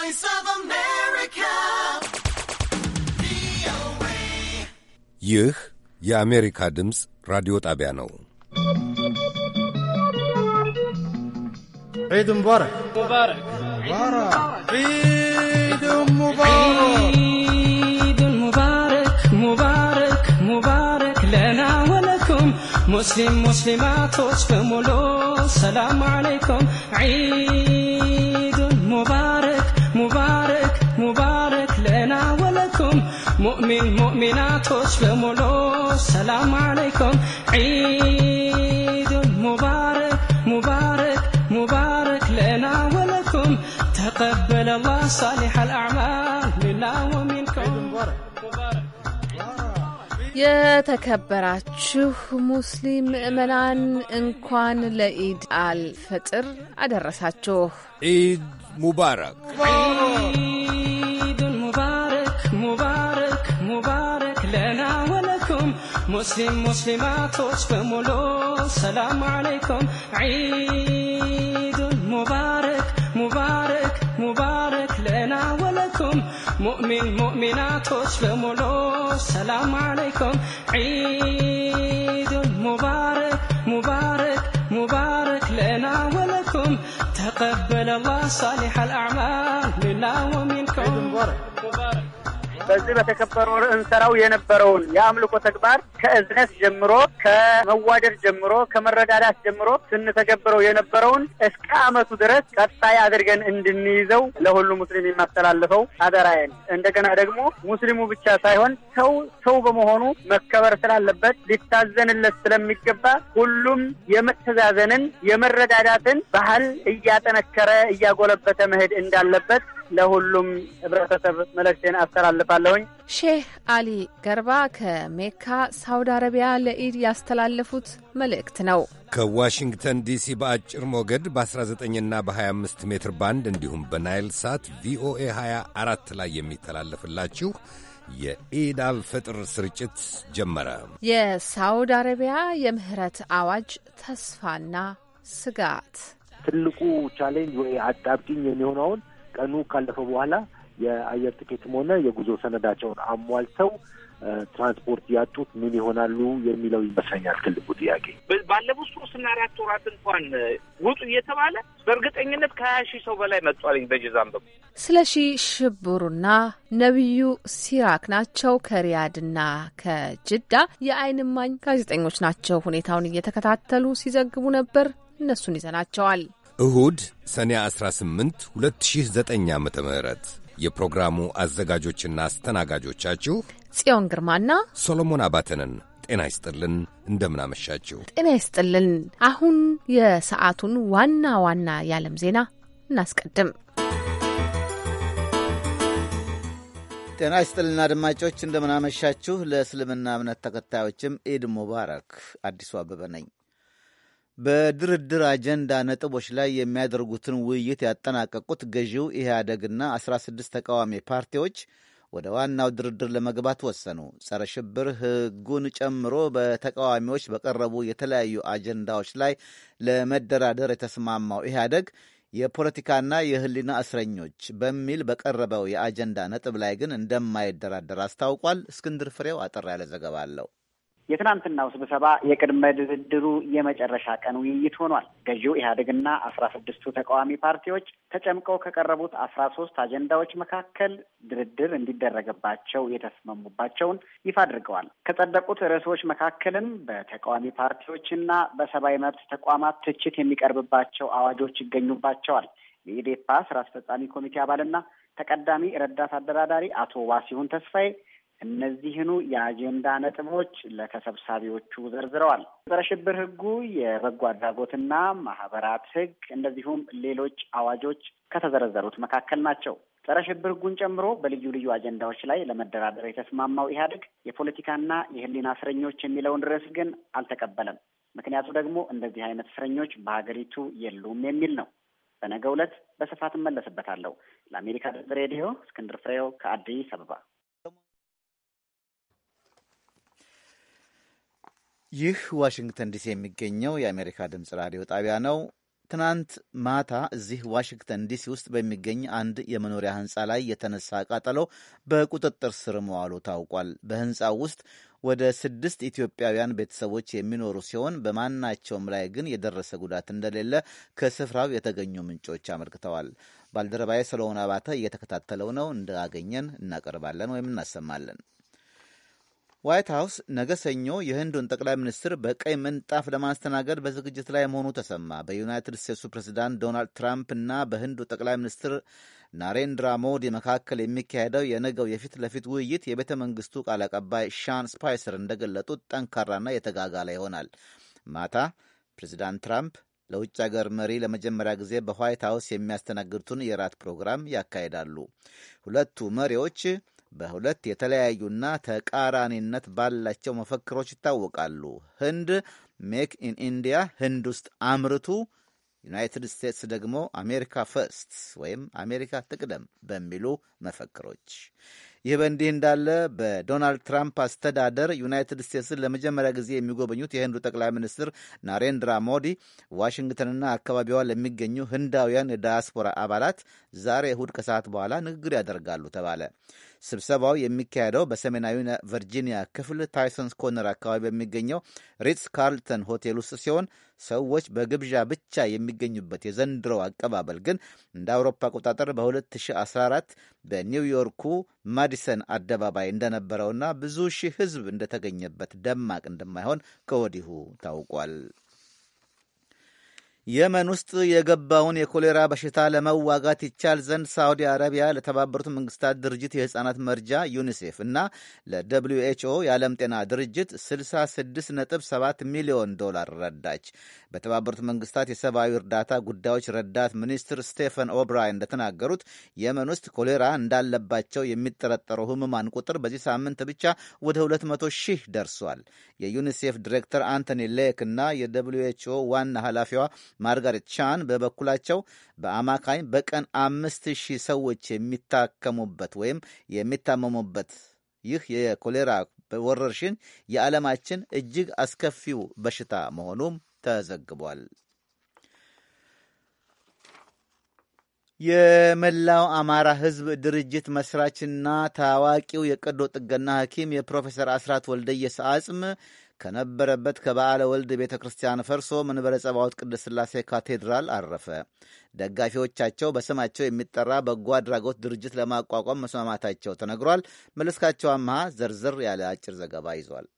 Voice of America. ይህ የአሜሪካ ድምፅ ራዲዮ ጣቢያ ነው። ዒድ ሙባረክ ሙባረክ ዒድ ሙባረክ ዒድ ሙባረክ ሙባረክ ሙባረክ ለና ወለኩም ሙስሊም ሙስሊማቶች በሙሉ ሰላም ዓለይኩም ዒድ اسلموا له السلام عليكم عيد مبارك مبارك مبارك لنا ولكم تقبل الله صالح الأعمال منا ومنكم عيد مبارك مبارك يا የተከበራችሁ ሙስሊም ምእመናን እንኳን ለኢድ አልፈጥር አደረሳችሁ። عيد مبارك مسلم مسلمات اشفملو سلام عليكم عيد مبارك مبارك مبارك لنا ولكم مؤمن مؤمنات اشفملو سلام عليكم عيد مبارك مبارك مبارك لنا ولكم تقبل الله صالح الاعمال لنا ومنكم عيد مبارك በዚህ በተከበረው እንሰራው የነበረውን የአምልኮ ተግባር ከእዝነት ጀምሮ ከመዋደድ ጀምሮ ከመረዳዳት ጀምሮ ስንተገብረው የነበረውን እስከ አመቱ ድረስ ቀጣይ አድርገን እንድንይዘው ለሁሉ ሙስሊም የማስተላልፈው አደራዬ እንደገና ደግሞ ሙስሊሙ ብቻ ሳይሆን ሰው ሰው በመሆኑ መከበር ስላለበት ሊታዘንለት ስለሚገባ ሁሉም የመተዛዘንን የመረዳዳትን ባህል እያጠነከረ እያጎለበተ መሄድ እንዳለበት ለሁሉም ህብረተሰብ መልእክቴን አስተላልፋለሁኝ። ሼህ አሊ ገርባ ከሜካ ሳውዲ አረቢያ ለኢድ ያስተላለፉት መልእክት ነው። ከዋሽንግተን ዲሲ በአጭር ሞገድ በ19ና በ25 ሜትር ባንድ እንዲሁም በናይል ሳት ቪኦኤ 24 ላይ የሚተላለፍላችሁ የኢድ አልፈጥር ስርጭት ጀመረ። የሳውዲ አረቢያ የምህረት አዋጅ ተስፋና ስጋት ትልቁ ቻሌንጅ ወይ አጣብቂኝ የሚሆነውን ቀኑ ካለፈ በኋላ የአየር ትኬትም ሆነ የጉዞ ሰነዳቸውን አሟልተው ትራንስፖርት ያጡት ምን ይሆናሉ የሚለው ይመስለኛል ትልቁ ጥያቄ። ባለፉት ሶስትና አራት ወራት እንኳን ውጡ እየተባለ በእርግጠኝነት ከሀያ ሺህ ሰው በላይ መጧልኝ በጅዛም በኩል። ሺ ሽብሩና ነቢዩ ሲራክ ናቸው ከሪያድና ከጅዳ የአይንማኝ ጋዜጠኞች ናቸው። ሁኔታውን እየተከታተሉ ሲዘግቡ ነበር። እነሱን ይዘናቸዋል። እሁድ ሰኔ 18 2009 ዓ ም የፕሮግራሙ አዘጋጆችና አስተናጋጆቻችሁ ጽዮን ግርማና ሶሎሞን አባተንን። ጤና ይስጥልን፣ እንደምናመሻችሁ። ጤና ይስጥልን። አሁን የሰዓቱን ዋና ዋና የዓለም ዜና እናስቀድም። ጤና ይስጥልና አድማጮች እንደምናመሻችሁ። ለእስልምና እምነት ተከታዮችም ኢድ ሙባረክ። አዲሱ አበበ ነኝ። በድርድር አጀንዳ ነጥቦች ላይ የሚያደርጉትን ውይይት ያጠናቀቁት ገዢው ኢህአደግና 16 ተቃዋሚ ፓርቲዎች ወደ ዋናው ድርድር ለመግባት ወሰኑ። ጸረ ሽብር ሕጉን ጨምሮ በተቃዋሚዎች በቀረቡ የተለያዩ አጀንዳዎች ላይ ለመደራደር የተስማማው ኢህአደግ የፖለቲካና የህሊና እስረኞች በሚል በቀረበው የአጀንዳ ነጥብ ላይ ግን እንደማይደራደር አስታውቋል። እስክንድር ፍሬው አጠር ያለ ዘገባ አለው። የትናንትናው ስብሰባ የቅድመ ድርድሩ የመጨረሻ ቀን ውይይት ሆኗል። ገዢው ኢህአዴግና አስራ ስድስቱ ተቃዋሚ ፓርቲዎች ተጨምቀው ከቀረቡት አስራ ሶስት አጀንዳዎች መካከል ድርድር እንዲደረግባቸው የተስማሙባቸውን ይፋ አድርገዋል። ከጸደቁት ርዕሶች መካከልም በተቃዋሚ ፓርቲዎችና በሰብአዊ መብት ተቋማት ትችት የሚቀርብባቸው አዋጆች ይገኙባቸዋል። የኢዴፓ ስራ አስፈጻሚ ኮሚቴ አባልና ተቀዳሚ ረዳት አደራዳሪ አቶ ዋሲሁን ተስፋዬ እነዚህኑ የአጀንዳ ነጥቦች ለተሰብሳቢዎቹ ዘርዝረዋል። ጸረ ሽብር ህጉ የበጎ አድራጎትና ማህበራት ህግ እንደዚሁም ሌሎች አዋጆች ከተዘረዘሩት መካከል ናቸው። ጸረ ሽብር ህጉን ጨምሮ በልዩ ልዩ አጀንዳዎች ላይ ለመደራደር የተስማማው ኢህአዴግ የፖለቲካና የህሊና እስረኞች የሚለውን ርዕስ ግን አልተቀበለም። ምክንያቱ ደግሞ እንደዚህ አይነት እስረኞች በሀገሪቱ የሉም የሚል ነው። በነገ ዕለት በስፋት እመለስበታለሁ። ለአሜሪካ ድምፅ ሬዲዮ እስክንድር ፍሬው ከአዲስ አበባ ይህ ዋሽንግተን ዲሲ የሚገኘው የአሜሪካ ድምፅ ራዲዮ ጣቢያ ነው። ትናንት ማታ እዚህ ዋሽንግተን ዲሲ ውስጥ በሚገኝ አንድ የመኖሪያ ህንፃ ላይ የተነሳ ቃጠሎ በቁጥጥር ስር መዋሉ ታውቋል። በህንፃው ውስጥ ወደ ስድስት ኢትዮጵያውያን ቤተሰቦች የሚኖሩ ሲሆን በማናቸውም ላይ ግን የደረሰ ጉዳት እንደሌለ ከስፍራው የተገኙ ምንጮች አመልክተዋል። ባልደረባዬ ሰለሞን አባተ እየተከታተለው ነው። እንዳገኘን እናቀርባለን ወይም እናሰማለን። ዋይት ሀውስ ነገ ሰኞ የህንዱን ጠቅላይ ሚኒስትር በቀይ ምንጣፍ ለማስተናገድ በዝግጅት ላይ መሆኑ ተሰማ። በዩናይትድ ስቴትሱ ፕሬዚዳንት ዶናልድ ትራምፕ እና በህንዱ ጠቅላይ ሚኒስትር ናሬንድራ ሞዲ መካከል የሚካሄደው የነገው የፊት ለፊት ውይይት የቤተ መንግስቱ ቃል አቀባይ ሻን ስፓይሰር እንደገለጡት ጠንካራና የተጋጋለ ይሆናል። ማታ ፕሬዚዳንት ትራምፕ ለውጭ ሀገር መሪ ለመጀመሪያ ጊዜ በዋይት ሀውስ የሚያስተናግዱትን የራት ፕሮግራም ያካሂዳሉ። ሁለቱ መሪዎች በሁለት የተለያዩና ተቃራኒነት ባላቸው መፈክሮች ይታወቃሉ። ህንድ ሜክ ኢን ኢንዲያ ህንድ ውስጥ አምርቱ፣ ዩናይትድ ስቴትስ ደግሞ አሜሪካ ፈርስት ወይም አሜሪካ ትቅደም በሚሉ መፈክሮች ይህ በእንዲህ እንዳለ በዶናልድ ትራምፕ አስተዳደር ዩናይትድ ስቴትስን ለመጀመሪያ ጊዜ የሚጎበኙት የህንዱ ጠቅላይ ሚኒስትር ናሬንድራ ሞዲ ዋሽንግተንና አካባቢዋ ለሚገኙ ህንዳውያን የዳያስፖራ አባላት ዛሬ እሁድ ከሰዓት በኋላ ንግግር ያደርጋሉ ተባለ። ስብሰባው የሚካሄደው በሰሜናዊ ቨርጂኒያ ክፍል ታይሰንስ ኮነር አካባቢ በሚገኘው ሪትስ ካርልተን ሆቴል ውስጥ ሲሆን ሰዎች በግብዣ ብቻ የሚገኙበት የዘንድሮው አቀባበል ግን እንደ አውሮፓ አቆጣጠር በ2014 በኒውዮርኩ ማዲሰን አደባባይ እንደነበረውና ብዙ ሺህ ሕዝብ እንደተገኘበት ደማቅ እንደማይሆን ከወዲሁ ታውቋል። የመን ውስጥ የገባውን የኮሌራ በሽታ ለመዋጋት ይቻል ዘንድ ሳዑዲ አረቢያ ለተባበሩት መንግስታት ድርጅት የሕፃናት መርጃ ዩኒሴፍ እና ለደብሊዩ ኤችኦ የዓለም ጤና ድርጅት 66.7 ሚሊዮን ዶላር ረዳች። በተባበሩት መንግስታት የሰብአዊ እርዳታ ጉዳዮች ረዳት ሚኒስትር ስቴፈን ኦብራይን እንደተናገሩት የመን ውስጥ ኮሌራ እንዳለባቸው የሚጠረጠረው ህሙማን ቁጥር በዚህ ሳምንት ብቻ ወደ 200 ሺህ ደርሷል። የዩኒሴፍ ዲሬክተር አንቶኒ ሌክ እና የደብሊዩ ኤችኦ ዋና ኃላፊዋ ማርጋሬት ቻን በበኩላቸው በአማካኝ በቀን አምስት ሺህ ሰዎች የሚታከሙበት ወይም የሚታመሙበት ይህ የኮሌራ ወረርሽኝ የዓለማችን እጅግ አስከፊው በሽታ መሆኑም ተዘግቧል። የመላው አማራ ሕዝብ ድርጅት መስራችና ታዋቂው የቀዶ ጥገና ሐኪም የፕሮፌሰር አስራት ወልደየስ አጽም ከነበረበት ከበዓለ ወልድ ቤተ ክርስቲያን ፈርሶ መንበረ ጸባዖት ቅድስት ሥላሴ ካቴድራል አረፈ። ደጋፊዎቻቸው በስማቸው የሚጠራ በጎ አድራጎት ድርጅት ለማቋቋም መስማማታቸው ተነግሯል። መለስካቸው አምሃ ዘርዝር ያለ አጭር ዘገባ ይዟል።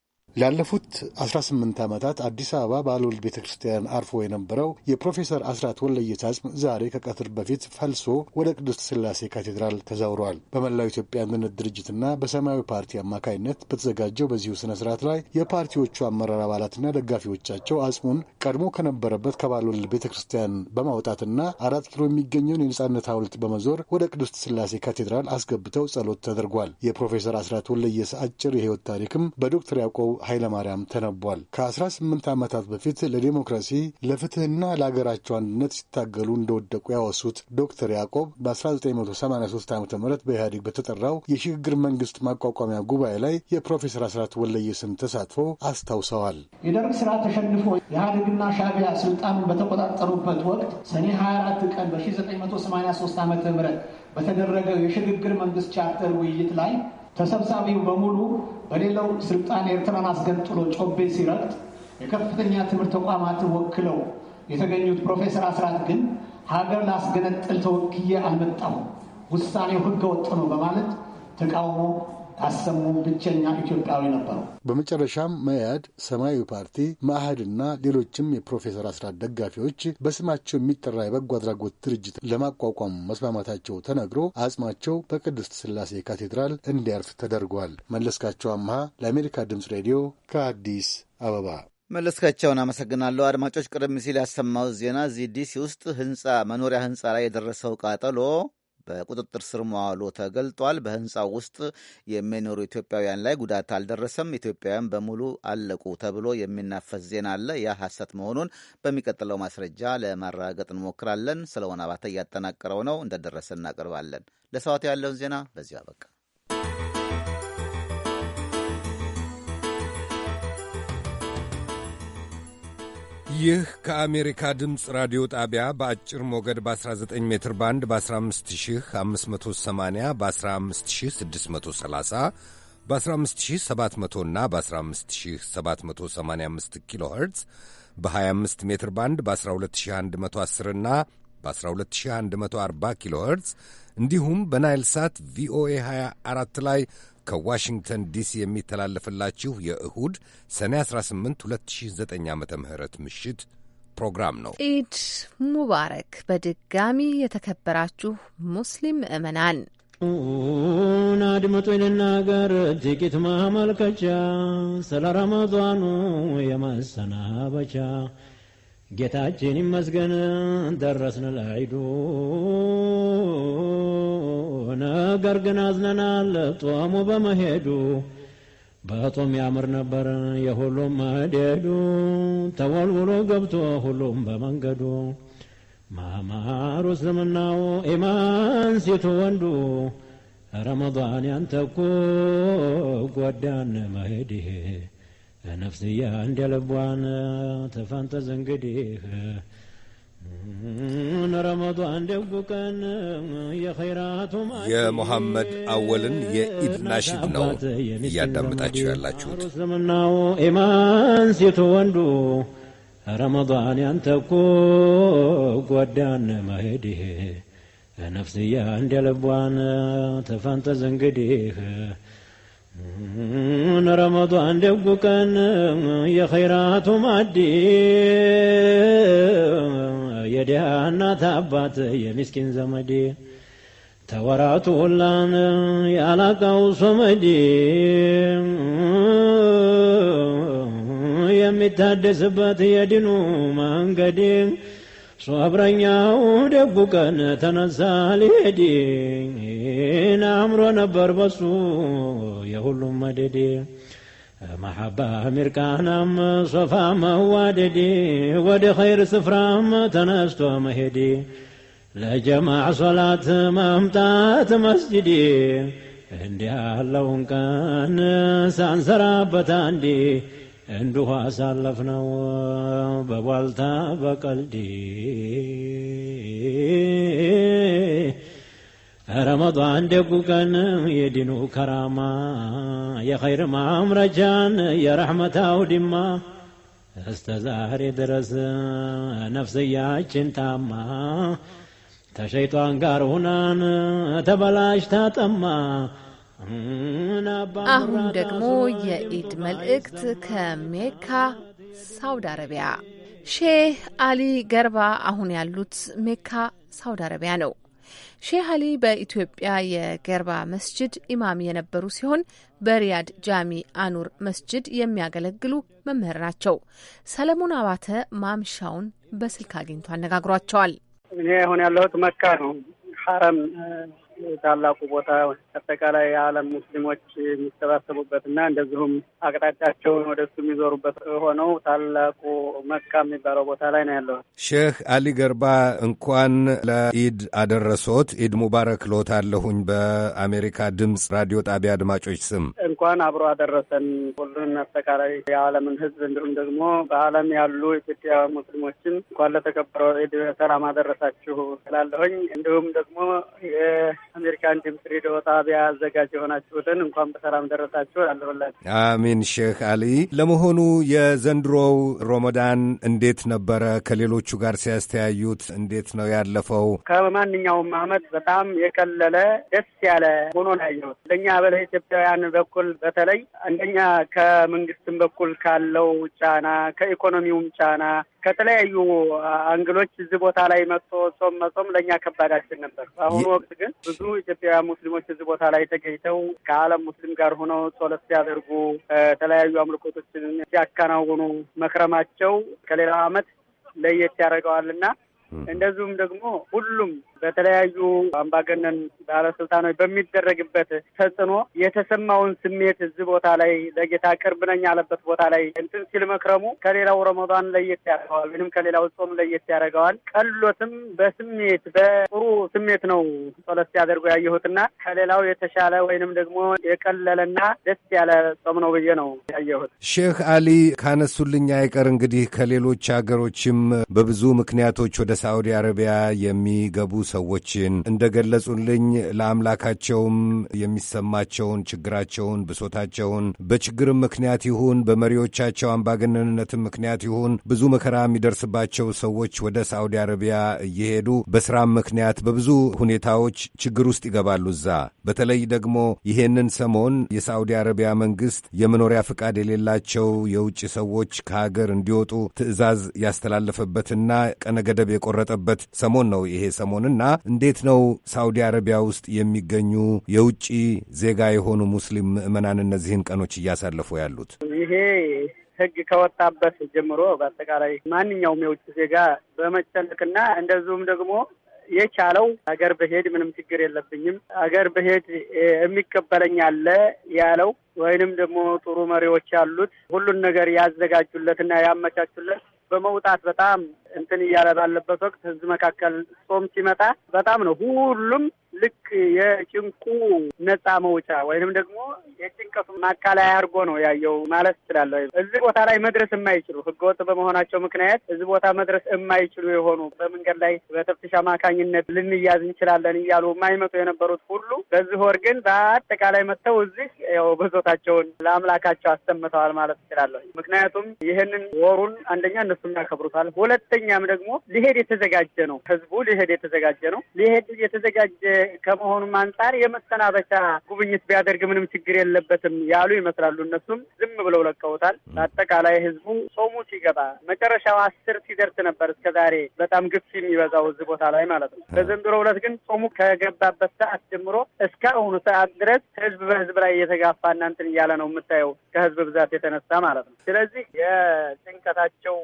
ላለፉት 18 ዓመታት አዲስ አበባ ባልወልድ ቤተ ክርስቲያን አርፎ የነበረው የፕሮፌሰር አስራት ወልደየስ አጽም ዛሬ ከቀትር በፊት ፈልሶ ወደ ቅድስት ስላሴ ካቴድራል ተዛውረዋል። በመላው ኢትዮጵያ አንድነት ድርጅትና በሰማያዊ ፓርቲ አማካኝነት በተዘጋጀው በዚሁ ስነ ስርዓት ላይ የፓርቲዎቹ አመራር አባላትና ደጋፊዎቻቸው አጽሙን ቀድሞ ከነበረበት ከባልወልድ ቤተ ክርስቲያን በማውጣትና አራት ኪሎ የሚገኘውን የነጻነት ሐውልት በመዞር ወደ ቅድስት ስላሴ ካቴድራል አስገብተው ጸሎት ተደርጓል። የፕሮፌሰር አስራት ወለየስ አጭር የህይወት ታሪክም በዶክተር ያዕቆብ ኃይለማርያም ተነቧል። ከ18 ዓመታት በፊት ለዲሞክራሲ ለፍትህና ለአገራቸው አንድነት ሲታገሉ እንደወደቁ ያወሱት ዶክተር ያዕቆብ በ1983 ዓ ም በኢህአዴግ በተጠራው የሽግግር መንግስት ማቋቋሚያ ጉባኤ ላይ የፕሮፌሰር አስራት ስም ተሳትፎ አስታውሰዋል። የደርግ ስራ ተሸንፎ ኢህአዴግና ሻቢያ ስልጣን በተቆጣጠሩበት ወቅት ሰኔ 24 ቀን በ1983 ዓ ም በተደረገው የሽግግር መንግስት ቻርተር ውይይት ላይ ተሰብሳቢው በሙሉ በሌላው ስልጣን ኤርትራን አስገንጥሎ ጮቤ ሲረግጥ የከፍተኛ ትምህርት ተቋማትን ወክለው የተገኙት ፕሮፌሰር አስራት ግን ሀገር ላስገነጥል ተወክዬ አልመጣሁም፣ ውሳኔው ህገ ወጥ ነው በማለት ተቃውሞ ካሰሙ ብቸኛ ኢትዮጵያዊ ነበሩ። በመጨረሻም መያድ፣ ሰማያዊ ፓርቲ፣ መአህድና ሌሎችም የፕሮፌሰር አስራት ደጋፊዎች በስማቸው የሚጠራ የበጎ አድራጎት ድርጅት ለማቋቋም መስማማታቸው ተነግሮ አጽማቸው በቅድስት ስላሴ ካቴድራል እንዲያርፍ ተደርጓል። መለስካቸው አምሃ ለአሜሪካ ድምፅ ሬዲዮ ከአዲስ አበባ። መለስካቸውን አመሰግናለሁ። አድማጮች፣ ቅድም ሲል ያሰማው ዜና እዚህ ዲሲ ውስጥ ህንፃ መኖሪያ ህንፃ ላይ የደረሰው ቃጠሎ በቁጥጥር ስር መዋሉ ተገልጧል። በህንፃው ውስጥ የሚኖሩ ኢትዮጵያውያን ላይ ጉዳት አልደረሰም፣ ኢትዮጵያውያን በሙሉ አለቁ ተብሎ የሚናፈስ ዜና አለ። ያ ሐሰት መሆኑን በሚቀጥለው ማስረጃ ለማረጋገጥ እንሞክራለን። ስለሆነ አባተ እያጠናቀረው ነው፣ እንደደረሰ እናቀርባለን። ለሰዋቱ ያለውን ዜና በዚሁ አበቃ። ይህ ከአሜሪካ ድምፅ ራዲዮ ጣቢያ በአጭር ሞገድ በ19 ሜትር ባንድ በ15580 በ15630 በ15700 እና በ15785 ኪሎ ኸርትዝ በ25 ሜትር ባንድ በ12110 እና በ12140 ኪሎ ኸርትዝ እንዲሁም በናይል ሳት ቪኦኤ 24 ላይ ከዋሽንግተን ዲሲ የሚተላለፍላችሁ የእሁድ ሰኔ 18 2009 ዓ ም ምሽት ፕሮግራም ነው። ኢድ ሙባረክ በድጋሚ የተከበራችሁ ሙስሊም ምዕመናን ን አድምጡ ልናገር ጥቂት ማመልከቻ ስለ ረመዷኑ የመሰናበቻ ጌታችን ይመስገን ደረስን ለአይዱ ነገር ግን አዝነናል ጦሙ በመሄዱ በጦም ያምር ነበር የሁሉም መደዱ ተወልውሎ ገብቶ ሁሉም በመንገዱ ማማሩ እስልምናው ኢማን ሲቱ ወንዱ ረመዳን ያንተኮ ጓዳን መሄድ ነፍስያ እንደ ልቧን ተፈንጠዝ እንግዲህ የሙሐመድ አወልን የኢድ ናሽድ ነው እያዳምጣችሁ ያላችሁት። ስምናው ኢማን ሴቱ ወንዱ ረመዷን ያንተኩ ጎዳን መሄድህ ነፍስያ እንደ ልቧን ተፈንጠዝ እንግዲህ ረመዷን ደጉ ቀን የኸይራቱ ማዕድ የድሃ እናት አባት የሚስኪን ዘመድ ተወራቱ ሁላን ያላቃው ሶመድ የሚታደስበት የድኑ መንገድ ሶብረኛው ደጉ ቀን ተነሳ ሊሄድ አምሮ ነበር በሱ የሁሉም መደዴ መሐባ ሚርቃናም ሶፋ መዋደዴ ወደ ኸይር ስፍራም ተነስቶ መሄዴ ለጀማዕ ሶላት መምጣት መስጅዴ እንዲህ ያለውን ቀን ሳንሰራበት አንዴ አሳለፍ ነው በቧልታ በቀልዴ ረመዷን ደጉ ቀን የዲኑ ከራማ የኸይር ማምረጃን የረሕመት አውድማ እስተ ዛሬ ድረስ ነፍስያችን ታማ ተሸይጧን ጋር ሁናን ተበላሽ ታጠማ አሁን ደግሞ የኢድ መልእክት ከሜካ ሳውዲ አረቢያ። ሼህ አሊ ገርባ አሁን ያሉት ሜካ ሳውዲ አረቢያ ነው። ሼህ አሊ በኢትዮጵያ የገርባ መስጅድ ኢማም የነበሩ ሲሆን በሪያድ ጃሚ አኑር መስጅድ የሚያገለግሉ መምህር ናቸው። ሰለሞን አባተ ማምሻውን በስልክ አግኝቶ አነጋግሯቸዋል። እኔ አሁን ያለሁት መካ ነው። ሐረም ታላቁ ቦታ አጠቃላይ የዓለም ሙስሊሞች የሚሰባሰቡበትና እንደዚሁም አቅጣጫቸውን ወደሱ የሚዞሩበት ሆነው ታላቁ መካ የሚባለው ቦታ ላይ ነው ያለው። ሼህ አሊ ገርባ እንኳን ለኢድ አደረሶት። ኢድ ሙባረክ አለሁኝ። በአሜሪካ ድምፅ ራዲዮ ጣቢያ አድማጮች ስም እንኳን አብሮ አደረሰን። ሁሉን አጠቃላይ የዓለምን ህዝብ እንዲሁም ደግሞ በዓለም ያሉ ኢትዮጵያ ሙስሊሞችን እንኳን ለተከበረው ኢድ ሰላም አደረሳችሁ ስላለሁኝ እንዲሁም ደግሞ አሜሪካን ድምፅ ሬዲዮ ጣቢያ አዘጋጅ የሆናችሁትን እንኳን በሰላም ደረሳችሁ አለሁላችሁ። አሚን። ሼህ አሊ፣ ለመሆኑ የዘንድሮው ሮመዳን እንዴት ነበረ? ከሌሎቹ ጋር ሲያስተያዩት እንዴት ነው ያለፈው? ከማንኛውም አመት በጣም የቀለለ ደስ ያለ ሆኖ ነው ያየሁት። በላይ ኢትዮጵያውያን በኩል በተለይ አንደኛ ከመንግስትም በኩል ካለው ጫና ከኢኮኖሚውም ጫና ከተለያዩ አንግሎች እዚህ ቦታ ላይ መጥቶ ጾም መጾም ለእኛ ከባዳችን ነበር። በአሁኑ ወቅት ግን ብዙ ኢትዮጵያውያን ሙስሊሞች እዚህ ቦታ ላይ ተገኝተው ከዓለም ሙስሊም ጋር ሆነው ጾለት ሲያደርጉ የተለያዩ አምልኮቶችን ሲያከናውኑ መክረማቸው ከሌላው ዓመት ለየት ያደርገዋልና እንደዚሁም ደግሞ ሁሉም በተለያዩ አምባገነን ባለስልጣኖች በሚደረግበት ተጽዕኖ የተሰማውን ስሜት እዚህ ቦታ ላይ ለጌታ ቅርብ ነኝ ያለበት ቦታ ላይ እንትን ሲል መክረሙ ከሌላው ረመዷን ለየት ያደርገዋል፣ ወይም ከሌላው ጾም ለየት ያደርገዋል። ቀሎትም በስሜት በጥሩ ስሜት ነው ጸሎት ሲያደርጉ ያየሁትና ከሌላው የተሻለ ወይንም ደግሞ የቀለለና ደስ ያለ ጾም ነው ብዬ ነው ያየሁት። ሼህ አሊ ካነሱልኝ አይቀር እንግዲህ ከሌሎች ሀገሮችም በብዙ ምክንያቶች ወደ ሳዑዲ አረቢያ የሚገቡ ሰዎችን እንደገለጹልኝ ለአምላካቸውም የሚሰማቸውን ችግራቸውን፣ ብሶታቸውን በችግርም ምክንያት ይሁን በመሪዎቻቸው አምባገነንነትም ምክንያት ይሁን ብዙ መከራ የሚደርስባቸው ሰዎች ወደ ሳዑዲ አረቢያ እየሄዱ በስራም ምክንያት በብዙ ሁኔታዎች ችግር ውስጥ ይገባሉ። እዛ በተለይ ደግሞ ይሄንን ሰሞን የሳዑዲ አረቢያ መንግስት የመኖሪያ ፍቃድ የሌላቸው የውጭ ሰዎች ከሀገር እንዲወጡ ትዕዛዝ ያስተላለፈበትና ቀነ ገደብ የቆ የተቆረጠበት ሰሞን ነው ይሄ ሰሞንና እንዴት ነው ሳውዲ አረቢያ ውስጥ የሚገኙ የውጭ ዜጋ የሆኑ ሙስሊም ምዕመናን እነዚህን ቀኖች እያሳለፉ ያሉት? ይሄ ህግ ከወጣበት ጀምሮ በአጠቃላይ ማንኛውም የውጭ ዜጋ በመጨነቅና እንደዚሁም ደግሞ የቻለው አገር በሄድ ምንም ችግር የለብኝም አገር በሄድ የሚቀበለኝ አለ ያለው ወይንም ደግሞ ጥሩ መሪዎች ያሉት ሁሉን ነገር ያዘጋጁለትና ያመቻቹለት በመውጣት በጣም እንትን እያለ ባለበት ወቅት ህዝብ መካከል ጾም ሲመጣ በጣም ነው ሁሉም ልክ የጭንቁ ነጻ መውጫ ወይንም ደግሞ የጭንቀቱ ማቃለያ አድርጎ ነው ያየው ማለት እችላለሁ። እዚህ ቦታ ላይ መድረስ የማይችሉ ህገወጥ በመሆናቸው ምክንያት እዚህ ቦታ መድረስ የማይችሉ የሆኑ በመንገድ ላይ በተፍትሽ አማካኝነት ልንያዝ እንችላለን እያሉ የማይመጡ የነበሩት ሁሉ በዚህ ወር ግን በአጠቃላይ መጥተው እዚህ ያው ብሶታቸውን ለአምላካቸው አሰምተዋል ማለት እችላለሁ። ምክንያቱም ይህንን ወሩን አንደኛ እነሱም ያከብሩታል፣ ሁለተኛ ሁለተኛም ደግሞ ሊሄድ የተዘጋጀ ነው። ህዝቡ ሊሄድ የተዘጋጀ ነው። ሊሄድ የተዘጋጀ ከመሆኑም አንጻር የመሰናበቻ ጉብኝት ቢያደርግ ምንም ችግር የለበትም ያሉ ይመስላሉ። እነሱም ዝም ብለው ለቀውታል። በአጠቃላይ ህዝቡ ጾሙ ሲገባ መጨረሻው አስር ሲደርስ ነበር እስከ ዛሬ በጣም ግፍ የሚበዛው እዚህ ቦታ ላይ ማለት ነው። በዘንድሮ ሁለት ግን ጾሙ ከገባበት ሰዓት ጀምሮ እስከ አሁኑ ሰዓት ድረስ ህዝብ በህዝብ ላይ እየተጋፋ እናንትን እያለ ነው የምታየው ከህዝብ ብዛት የተነሳ ማለት ነው። ስለዚህ የጭንቀታቸው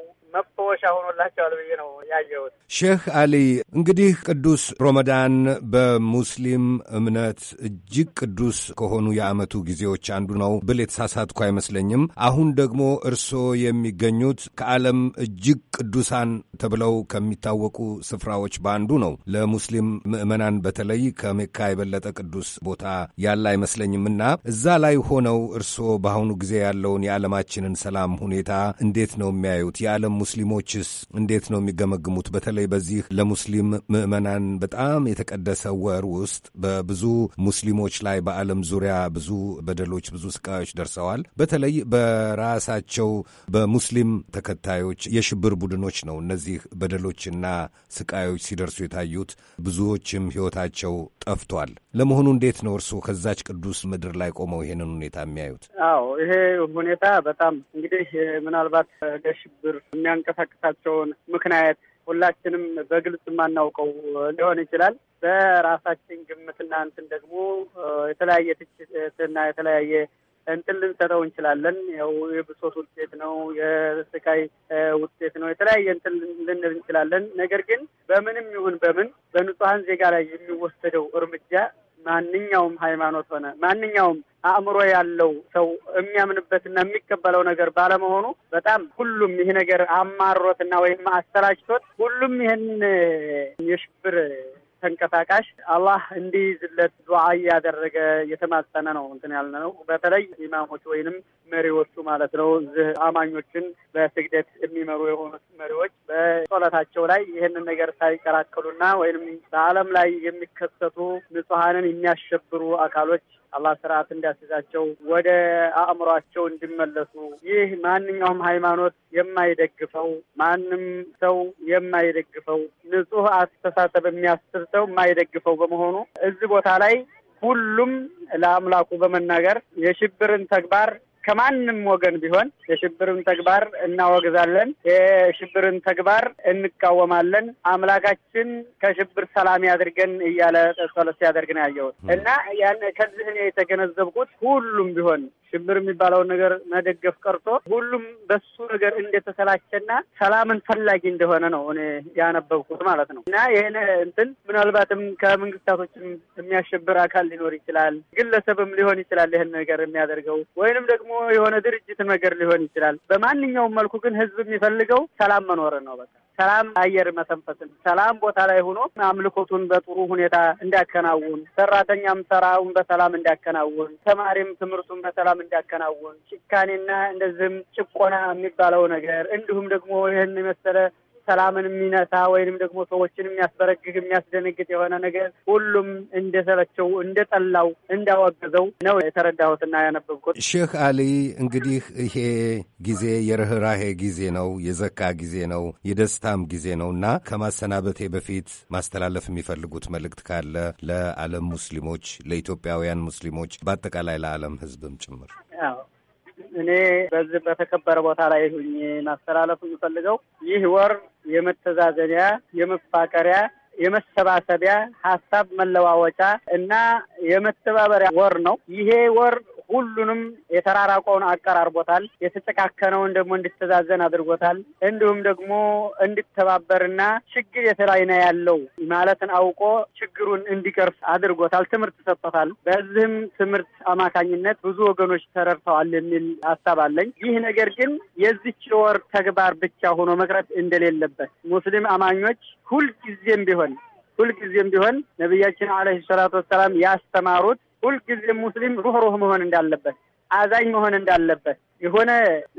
ሆኖላቸዋል ብዬ ነው ያየሁት። ሼህ አሊ እንግዲህ ቅዱስ ሮመዳን በሙስሊም እምነት እጅግ ቅዱስ ከሆኑ የዓመቱ ጊዜዎች አንዱ ነው ብል የተሳሳትኩ አይመስለኝም። አሁን ደግሞ እርስዎ የሚገኙት ከዓለም እጅግ ቅዱሳን ተብለው ከሚታወቁ ስፍራዎች በአንዱ ነው። ለሙስሊም ምዕመናን በተለይ ከሜካ የበለጠ ቅዱስ ቦታ ያለ አይመስለኝም እና እዛ ላይ ሆነው እርስዎ በአሁኑ ጊዜ ያለውን የዓለማችንን ሰላም ሁኔታ እንዴት ነው የሚያዩት? የዓለም ሙስሊሞች ሁኔታዎችስ እንዴት ነው የሚገመግሙት? በተለይ በዚህ ለሙስሊም ምዕመናን በጣም የተቀደሰ ወር ውስጥ በብዙ ሙስሊሞች ላይ በዓለም ዙሪያ ብዙ በደሎች፣ ብዙ ስቃዮች ደርሰዋል። በተለይ በራሳቸው በሙስሊም ተከታዮች የሽብር ቡድኖች ነው እነዚህ በደሎችና ስቃዮች ሲደርሱ የታዩት። ብዙዎችም ሕይወታቸው ጠፍቷል። ለመሆኑ እንዴት ነው እርስዎ ከዛች ቅዱስ ምድር ላይ ቆመው ይሄንን ሁኔታ የሚያዩት? አዎ ይሄ ሁኔታ በጣም እንግዲህ ምናልባት ለሽብር የሚያንቀሳቅስ የመንግስታቸውን ምክንያት ሁላችንም በግልጽ የማናውቀው ሊሆን ይችላል። በራሳችን ግምትና እንትን ደግሞ የተለያየ ትችትና የተለያየ እንትን ልንሰጠው እንችላለን። ያው የብሶት ውጤት ነው፣ የስቃይ ውጤት ነው፣ የተለያየ እንትን ልንል እንችላለን። ነገር ግን በምንም ይሁን በምን በንጹሐን ዜጋ ላይ የሚወሰደው እርምጃ ማንኛውም ሃይማኖት ሆነ ማንኛውም አእምሮ ያለው ሰው የሚያምንበትና የሚቀበለው ነገር ባለመሆኑ በጣም ሁሉም ይህ ነገር አማሮትና ወይም አሰራጭቶት ሁሉም ይህን የሽብር ተንቀሳቃሽ አላህ እንዲይዝለት ዱዓ እያደረገ የተማጸነ ነው እንትን ያለ ነው። በተለይ ኢማሞች ወይንም መሪዎቹ ማለት ነው። እዚህ አማኞችን በስግደት የሚመሩ የሆኑት መሪዎች በጸሎታቸው ላይ ይህንን ነገር ሳይቀላቅሉና ወይንም በዓለም ላይ የሚከሰቱ ንጹሐንን የሚያሸብሩ አካሎች አላህ ስርዓት እንዲያስይዛቸው ወደ አእምሯቸው እንዲመለሱ ይህ ማንኛውም ሃይማኖት የማይደግፈው ማንም ሰው የማይደግፈው ንጹህ አስተሳሰብ የሚያስብ ሰው የማይደግፈው በመሆኑ እዚህ ቦታ ላይ ሁሉም ለአምላኩ በመናገር የሽብርን ተግባር ከማንም ወገን ቢሆን የሽብርን ተግባር እናወግዛለን፣ የሽብርን ተግባር እንቃወማለን። አምላካችን ከሽብር ሰላም ያድርገን እያለ ጸሎት ሲያደርግ ነው ያየሁት እና ያን ከዚህ እኔ የተገነዘብኩት ሁሉም ቢሆን ሽብር የሚባለውን ነገር መደገፍ ቀርቶ ሁሉም በሱ ነገር እንደተሰላቸና ሰላምን ፈላጊ እንደሆነ ነው እኔ ያነበብኩት ማለት ነው። እና ይህን እንትን ምናልባትም ከመንግስታቶችም የሚያሸብር አካል ሊኖር ይችላል፣ ግለሰብም ሊሆን ይችላል ይህን ነገር የሚያደርገው ወይንም ደግሞ የሆነ ድርጅት ነገር ሊሆን ይችላል። በማንኛውም መልኩ ግን ህዝብ የሚፈልገው ሰላም መኖርን ነው በቃ ሰላም አየር መተንፈስን፣ ሰላም ቦታ ላይ ሆኖ አምልኮቱን በጥሩ ሁኔታ እንዲያከናውን፣ ሰራተኛም ስራውን በሰላም እንዲያከናውን፣ ተማሪም ትምህርቱን በሰላም እንዲያከናውን፣ ጭካኔና እንደዚህም ጭቆና የሚባለው ነገር እንዲሁም ደግሞ ይህን የመሰለ ሰላምን የሚነሳ ወይንም ደግሞ ሰዎችን የሚያስበረግግ የሚያስደነግጥ የሆነ ነገር ሁሉም እንደሰለቸው እንደጠላው እንዳወገዘው ነው የተረዳሁትና ያነበብኩት። ሼህ አሊ እንግዲህ ይሄ ጊዜ የርኅራሄ ጊዜ ነው፣ የዘካ ጊዜ ነው፣ የደስታም ጊዜ ነው እና ከማሰናበቴ በፊት ማስተላለፍ የሚፈልጉት መልእክት ካለ ለዓለም ሙስሊሞች፣ ለኢትዮጵያውያን ሙስሊሞች፣ በአጠቃላይ ለዓለም ሕዝብም ጭምር እኔ በዚህ በተከበረ ቦታ ላይ ሁኝ ማስተላለፍ የምፈልገው ይህ ወር የመተዛዘኒያ፣ የመፋቀሪያ፣ የመሰባሰቢያ ሀሳብ መለዋወጫ እና የመተባበሪያ ወር ነው። ይሄ ወር ሁሉንም የተራራቀውን አቀራርቦታል። የተጨካከነውን ደግሞ እንዲተዛዘን አድርጎታል። እንዲሁም ደግሞ እንድተባበርና ችግር የተለያይ ነው ያለው ማለትን አውቆ ችግሩን እንዲቀርፍ አድርጎታል። ትምህርት ሰጥቶታል። በዚህም ትምህርት አማካኝነት ብዙ ወገኖች ተረድተዋል የሚል ሀሳብ አለኝ። ይህ ነገር ግን የዚች ወር ተግባር ብቻ ሆኖ መቅረት እንደሌለበት ሙስሊም አማኞች ሁልጊዜም ቢሆን ሁልጊዜም ቢሆን ነቢያችን አለህ ሰላቱ ወሰላም ያስተማሩት ሁልጊዜ ሙስሊም ሩህ ሩህ መሆን እንዳለበት፣ አዛኝ መሆን እንዳለበት የሆነ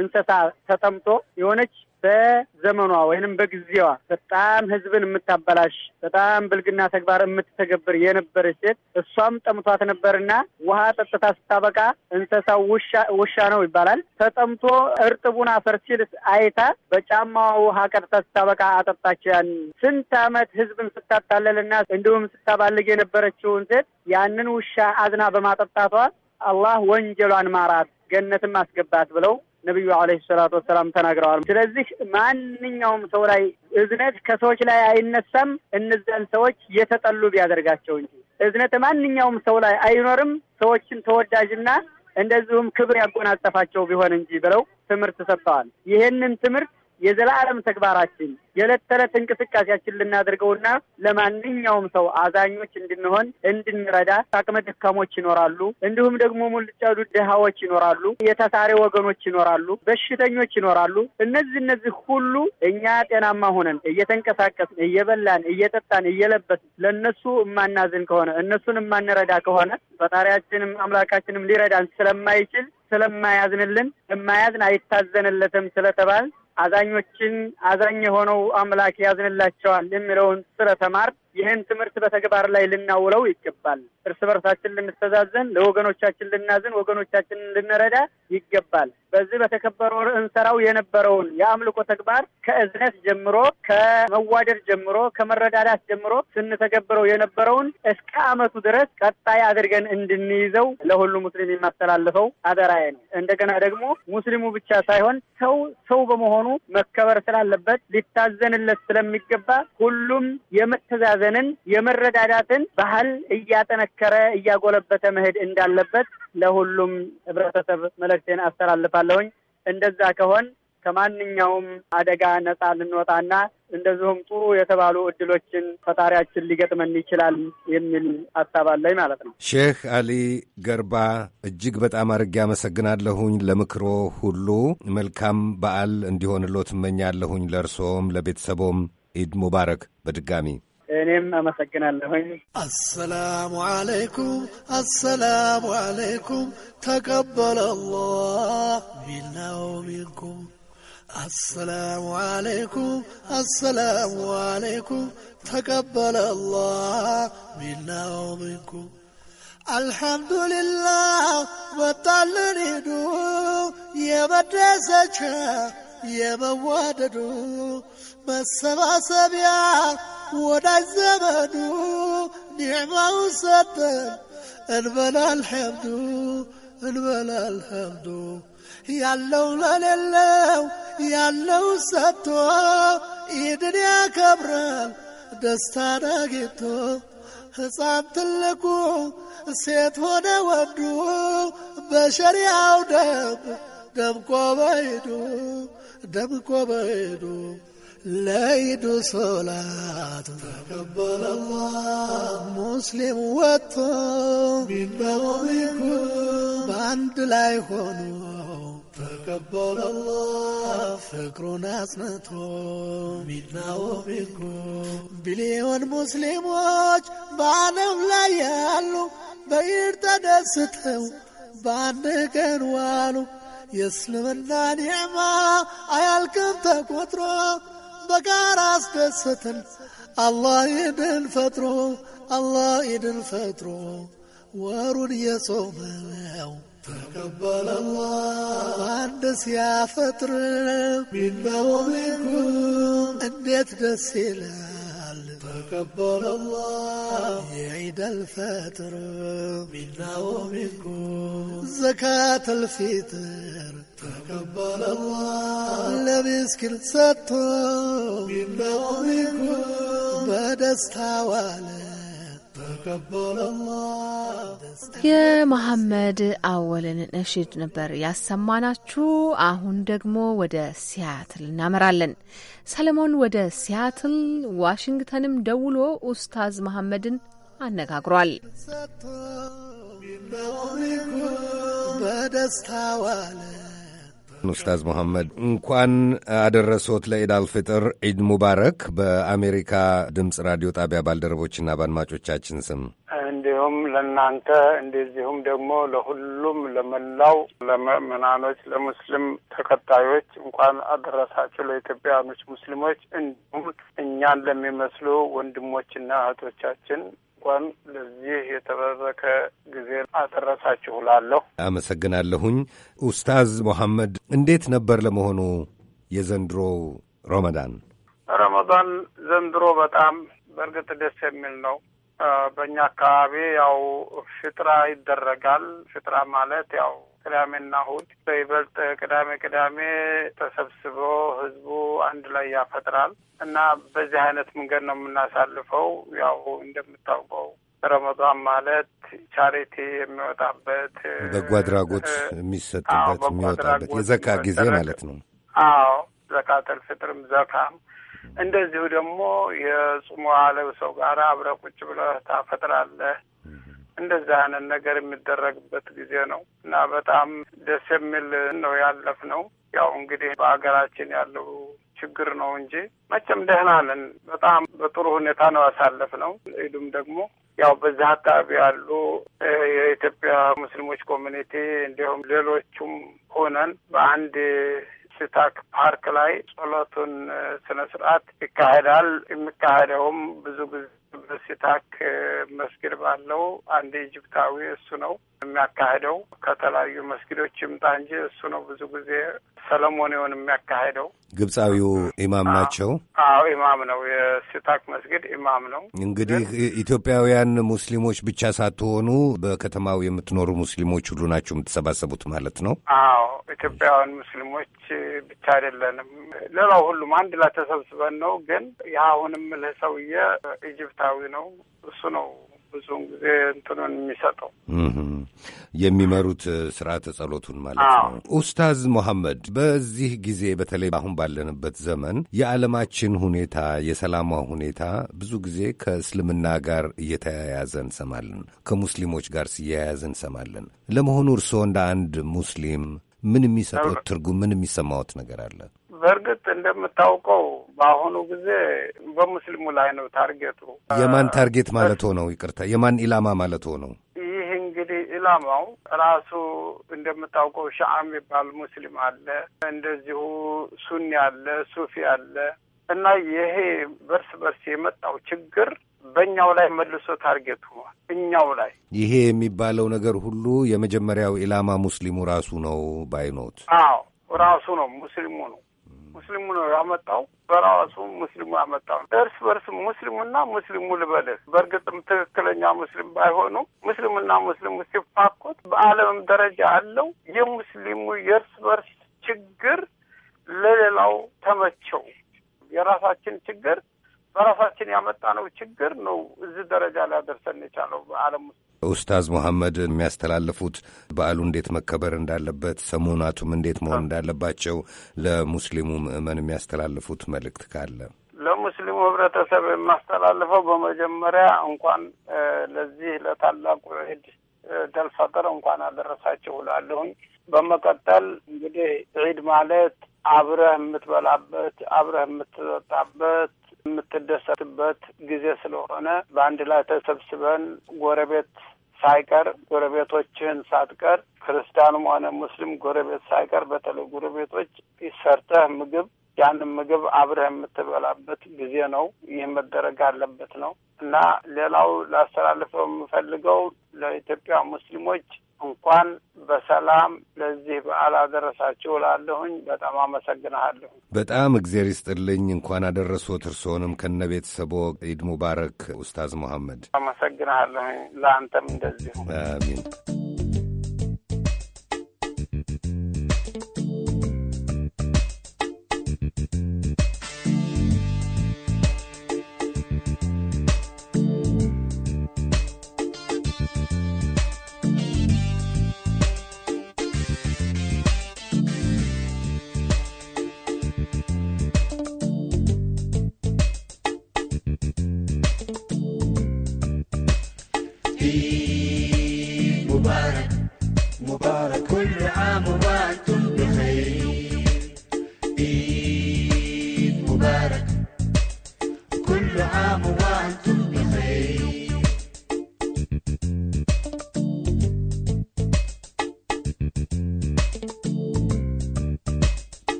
እንስሳ ተጠምቶ የሆነች በዘመኗ ወይንም በጊዜዋ በጣም ህዝብን የምታበላሽ በጣም ብልግና ተግባር የምትተገብር የነበረች ሴት እሷም ጠምቷት ነበርና ውሃ ጠጥታ ስታበቃ እንስሳው ውሻ ነው ይባላል። ተጠምቶ እርጥቡን አፈር ሲል አይታ በጫማዋ ውሃ ቀጥታ ስታበቃ አጠጣች ያን ስንት አመት ህዝብን ስታታለልና እንዲሁም ስታባልግ የነበረችውን ሴት ያንን ውሻ አዝና በማጠጣቷ አላህ ወንጀሏን ማራት ገነትም አስገባት ብለው ነቢዩ አለይሂ ሰላቱ ወሰላም ተናግረዋል። ስለዚህ ማንኛውም ሰው ላይ እዝነት ከሰዎች ላይ አይነሳም፣ እነዚያን ሰዎች የተጠሉ ቢያደርጋቸው እንጂ እዝነት ማንኛውም ሰው ላይ አይኖርም፣ ሰዎችን ተወዳጅና እንደዚሁም ክብር ያጎናጸፋቸው ቢሆን እንጂ ብለው ትምህርት ሰጥተዋል። ይሄንን ትምህርት የዘላለም ተግባራችን የዕለት ተዕለት እንቅስቃሴያችን ልናደርገውና ለማንኛውም ሰው አዛኞች እንድንሆን እንድንረዳ አቅመ ደካሞች ይኖራሉ። እንዲሁም ደግሞ ሙልጫ ድሃዎች ይኖራሉ። የተሳሪ ወገኖች ይኖራሉ። በሽተኞች ይኖራሉ። እነዚህ እነዚህ ሁሉ እኛ ጤናማ ሆነን እየተንቀሳቀስን እየበላን እየጠጣን እየለበስን ለእነሱ የማናዝን ከሆነ እነሱን የማንረዳ ከሆነ ፈጣሪያችንም አምላካችንም ሊረዳን ስለማይችል ስለማያዝንልን የማያዝን አይታዘንለትም ስለተባል አዛኞችን አዛኝ የሆነው አምላክ ያዝንላቸዋል የሚለውን ስረተ ይህን ትምህርት በተግባር ላይ ልናውለው ይገባል። እርስ በርሳችን ልንተዛዘን፣ ለወገኖቻችን ልናዝን፣ ወገኖቻችንን ልንረዳ ይገባል። በዚህ ወር እንሰራው የነበረውን የአምልኮ ተግባር ከእዝነት ጀምሮ ከመዋደድ ጀምሮ ከመረዳዳት ጀምሮ ስንተገብረው የነበረውን እስከ አመቱ ድረስ ቀጣይ አድርገን እንድንይዘው ለሁሉ ሙስሊም የማስተላልፈው አደራዬ ነው። እንደገና ደግሞ ሙስሊሙ ብቻ ሳይሆን ሰው ሰው በመሆኑ መከበር ስላለበት ሊታዘንለት ስለሚገባ ሁሉም የመተዛዘንን የመረዳዳትን ባህል እያጠነከረ እያጎለበተ መሄድ እንዳለበት ለሁሉም ህብረተሰብ መልእክቴን አስተላልፋለሁኝ። እንደዛ ከሆን ከማንኛውም አደጋ ነጻ ልንወጣና እንደዚሁም ጥሩ የተባሉ እድሎችን ፈጣሪያችን ሊገጥመን ይችላል የሚል ሀሳብ አለኝ ማለት ነው። ሼህ አሊ ገርባ እጅግ በጣም አድርጌ አመሰግናለሁኝ። ለምክሮ ሁሉ መልካም በዓል እንዲሆንሎ ትመኛለሁኝ። ለእርሶም ለቤተሰቦም ኢድ ሙባረክ በድጋሚ እኔም አመሰግናለሁኝ። አሰላሙ አለይኩም አሰላሙ አለይኩም ተቀበለ አላህ ሚና ወሚንኩም አሰላሙ አለይኩም አሰላሙ አለይኩም ተቀበለ አላህ ሚና ወሚንኩም አልሐምዱሊላህ ወጣልን ሂዱ የመደሰቻ የመዋደዱ መሰባሰቢያ ወዳጅ ዘመዱ ኒዕማውን ሰጠን። እንበል አልሐምዱ እንበል አልሐምዱ ያለው ለሌለው ያለው ሰጥቶ ኢድን ያከብራል ደስታን አግኝቶ ሕፃን ትልቁ ሴት ሆነ ወንዱ በሸሪያው ደም ደምቆ በሄዱ ደምቆ በሄዱ ለይዱ ሶላት ተቀበለ ሙስሊም ወጥቶ ቢንበሮሚኩ በአንድ ላይ ሆኖ ተቀበለ ፍቅሩን አጽንቶ ሚናው ሚንኩ ቢሊዮን ሙስሊሞች በዓለም ላይ ያሉ በኢድ ተደስተው በአንድ ቀን ዋሉ የእስልምና ኒዕማ አያልቅም ተቆጥሮ በጋር አስደሰተን። አላህ ኢድን ፈጥሮ አላህ ኢድን ፈጥሮ ወሩን የጾመው ተቀበለ አላህ ደስ ያፈጥር ሚና ወሚንኩም እንዴት ደስ ይላል። تكبر الله عيد الفطر منا ومنكم زكاة الفطر تكبر الله ለምስኪን ሰጥቶ منا ومنكم بدست ዋለ የመሐመድ አወልን ነሽድ ነበር ያሰማናችሁ። አሁን ደግሞ ወደ ሲያትል እናመራለን። ሰለሞን ወደ ሲያትል ዋሽንግተንም ደውሎ ኡስታዝ መሐመድን አነጋግሯል። በደስታ ዋለ ኡስታዝ መሐመድ እንኳን አደረሶት ለኢድ አልፍጥር ዒድ ሙባረክ። በአሜሪካ ድምፅ ራዲዮ ጣቢያ ባልደረቦችና በአድማጮቻችን ስም እንዲሁም ለእናንተ እንደዚሁም ደግሞ ለሁሉም ለመላው ለምእመናኖች ለሙስሊም ተከታዮች እንኳን አደረሳችሁ። ለኢትዮጵያውያኖች ሙስሊሞች እንዲሁም እኛን ለሚመስሉ ወንድሞችና እህቶቻችን እንኳን ለዚህ የተበረከ ጊዜ አደረሳችሁ ላለሁ አመሰግናለሁኝ። ኡስታዝ ሞሐመድ እንዴት ነበር ለመሆኑ የዘንድሮ ረመዳን? ረመዳን ዘንድሮ በጣም በእርግጥ ደስ የሚል ነው። በእኛ አካባቢ ያው ፍጥራ ይደረጋል። ፍጥራ ማለት ያው ቅዳሜና እሁድ በይበልጥ ቅዳሜ ቅዳሜ ተሰብስቦ ህዝቡ አንድ ላይ ያፈጥራል እና በዚህ አይነት መንገድ ነው የምናሳልፈው። ያው እንደምታውቀው ረመዷን ማለት ቻሪቲ የሚወጣበት በጎ አድራጎት የሚሰጥበት የሚወጣበት የዘካ ጊዜ ማለት ነው። አዎ ዘካተል ፍጥርም ዘካም እንደዚሁ ደግሞ የጽሙ አለው ሰው ጋር አብረ ቁጭ ብለህ ታፈጥራለህ። እንደዛ አይነት ነገር የሚደረግበት ጊዜ ነው እና በጣም ደስ የሚል ነው ያለፍ ነው። ያው እንግዲህ በሀገራችን ያለው ችግር ነው እንጂ መቼም ደህና ነን። በጣም በጥሩ ሁኔታ ነው ያሳለፍ ነው። ኢዱም ደግሞ ያው በዚህ አካባቢ ያሉ የኢትዮጵያ ሙስሊሞች ኮሚኒቲ እንዲሁም ሌሎቹም ሆነን በአንድ ስታክ ፓርክ ላይ ጸሎቱን ስነ ስርዓት ይካሄዳል። የሚካሄደውም ብዙ ጊዜ በሲታክ መስጊድ ባለው አንድ ኢጅፕታዊ እሱ ነው የሚያካሄደው። ከተለያዩ መስጊዶች ይምጣ እንጂ እሱ ነው ብዙ ጊዜ ሰለሞኔውን የሚያካሄደው። ግብፃዊው ኢማም ናቸው። አዎ ኢማም ነው። የሲታክ መስጊድ ኢማም ነው። እንግዲህ ኢትዮጵያውያን ሙስሊሞች ብቻ ሳትሆኑ በከተማው የምትኖሩ ሙስሊሞች ሁሉ ናቸው የምትሰባሰቡት ማለት ነው? አዎ ኢትዮጵያውያን ሙስሊሞች ብቻ አይደለንም። ሌላው ሁሉም አንድ ላይ ተሰብስበን ነው። ግን የአሁንም ልህ ሰውዬ ኢጅፕት ፍትሐዊ ነው። እሱ ነው ብዙውን ጊዜ እንትኑን የሚሰጠው የሚመሩት ስርዓተ ጸሎቱን ማለት ነው። ኡስታዝ መሐመድ፣ በዚህ ጊዜ በተለይ አሁን ባለንበት ዘመን የዓለማችን ሁኔታ የሰላሟ ሁኔታ ብዙ ጊዜ ከእስልምና ጋር እየተያያዘ እንሰማለን፣ ከሙስሊሞች ጋር ሲያያዝ እንሰማለን። ለመሆኑ እርስዎ እንደ አንድ ሙስሊም ምን የሚሰጡት ትርጉም ምን የሚሰማዎት ነገር አለ? በእርግጥ እንደምታውቀው በአሁኑ ጊዜ በሙስሊሙ ላይ ነው ታርጌቱ። የማን ታርጌት ማለት ሆነው? ይቅርታ የማን ኢላማ ማለት ሆነው? ይህ እንግዲህ ኢላማው ራሱ እንደምታውቀው ሻአ የሚባል ሙስሊም አለ፣ እንደዚሁ ሱኒ አለ፣ ሱፊ አለ እና ይሄ በርስ በርስ የመጣው ችግር በእኛው ላይ መልሶ ታርጌት ሆኗል። እኛው ላይ ይሄ የሚባለው ነገር ሁሉ የመጀመሪያው ኢላማ ሙስሊሙ ራሱ ነው ባይኖት? አዎ ራሱ ነው ሙስሊሙ ነው። ሙስሊሙ ነው ያመጣው፣ በራሱ ሙስሊሙ ያመጣው። እርስ በርስ ሙስሊሙና ሙስሊሙ ልበልህ፣ በእርግጥም ትክክለኛ ሙስሊም ባይሆኑም ሙስሊሙና ሙስሊሙ ሲፋኮት በዓለምም ደረጃ ያለው የሙስሊሙ የእርስ በርስ ችግር ለሌላው ተመቸው። የራሳችን ችግር በራሳችን ያመጣነው ችግር ነው እዚህ ደረጃ ሊያደርሰን የቻለው በዓለም ውስጥ። ኡስታዝ መሐመድ የሚያስተላልፉት በዓሉ እንዴት መከበር እንዳለበት፣ ሰሞናቱም እንዴት መሆን እንዳለባቸው ለሙስሊሙ ምዕመን የሚያስተላልፉት መልእክት ካለ ለሙስሊሙ ህብረተሰብ የማስተላልፈው በመጀመሪያ እንኳን ለዚህ ለታላቁ ዒድ ደል እንኳን አደረሳቸው እላለሁኝ። በመቀጠል እንግዲህ ዒድ ማለት አብረህ የምትበላበት አብረህ የምትጠጣበት የምትደሰትበት ጊዜ ስለሆነ በአንድ ላይ ተሰብስበን ጎረቤት ሳይቀር ጎረቤቶችህን ሳትቀር ክርስቲያኑም ሆነ ሙስሊም ጎረቤት ሳይቀር በተለይ ጎረቤቶች ሰርተህ ምግብ ያንን ምግብ አብረህ የምትበላበት ጊዜ ነው። ይህ መደረግ አለበት ነው እና ሌላው ላስተላልፈው የምፈልገው ለኢትዮጵያ ሙስሊሞች እንኳን በሰላም ለዚህ በዓል አደረሳችሁ እላለሁኝ። በጣም አመሰግናሃለሁ። በጣም እግዜር ይስጥልኝ። እንኳን አደረሶት። እርስዎንም ከነ ቤተሰቦ ኢድ ሙባረክ ኡስታዝ መሐመድ። አመሰግናሃለሁኝ ለአንተም እንደዚሁ አሚን።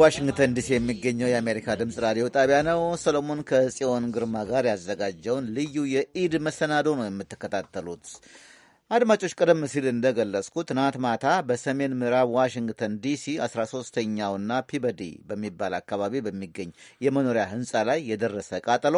ዋሽንግተን ዲሲ የሚገኘው የአሜሪካ ድምፅ ራዲዮ ጣቢያ ነው። ሰሎሞን ከጽዮን ግርማ ጋር ያዘጋጀውን ልዩ የኢድ መሰናዶ ነው የምትከታተሉት። አድማጮች፣ ቀደም ሲል እንደገለጽኩ ትናንት ማታ በሰሜን ምዕራብ ዋሽንግተን ዲሲ 13ተኛውና ፒበዲ በሚባል አካባቢ በሚገኝ የመኖሪያ ህንፃ ላይ የደረሰ ቃጠሎ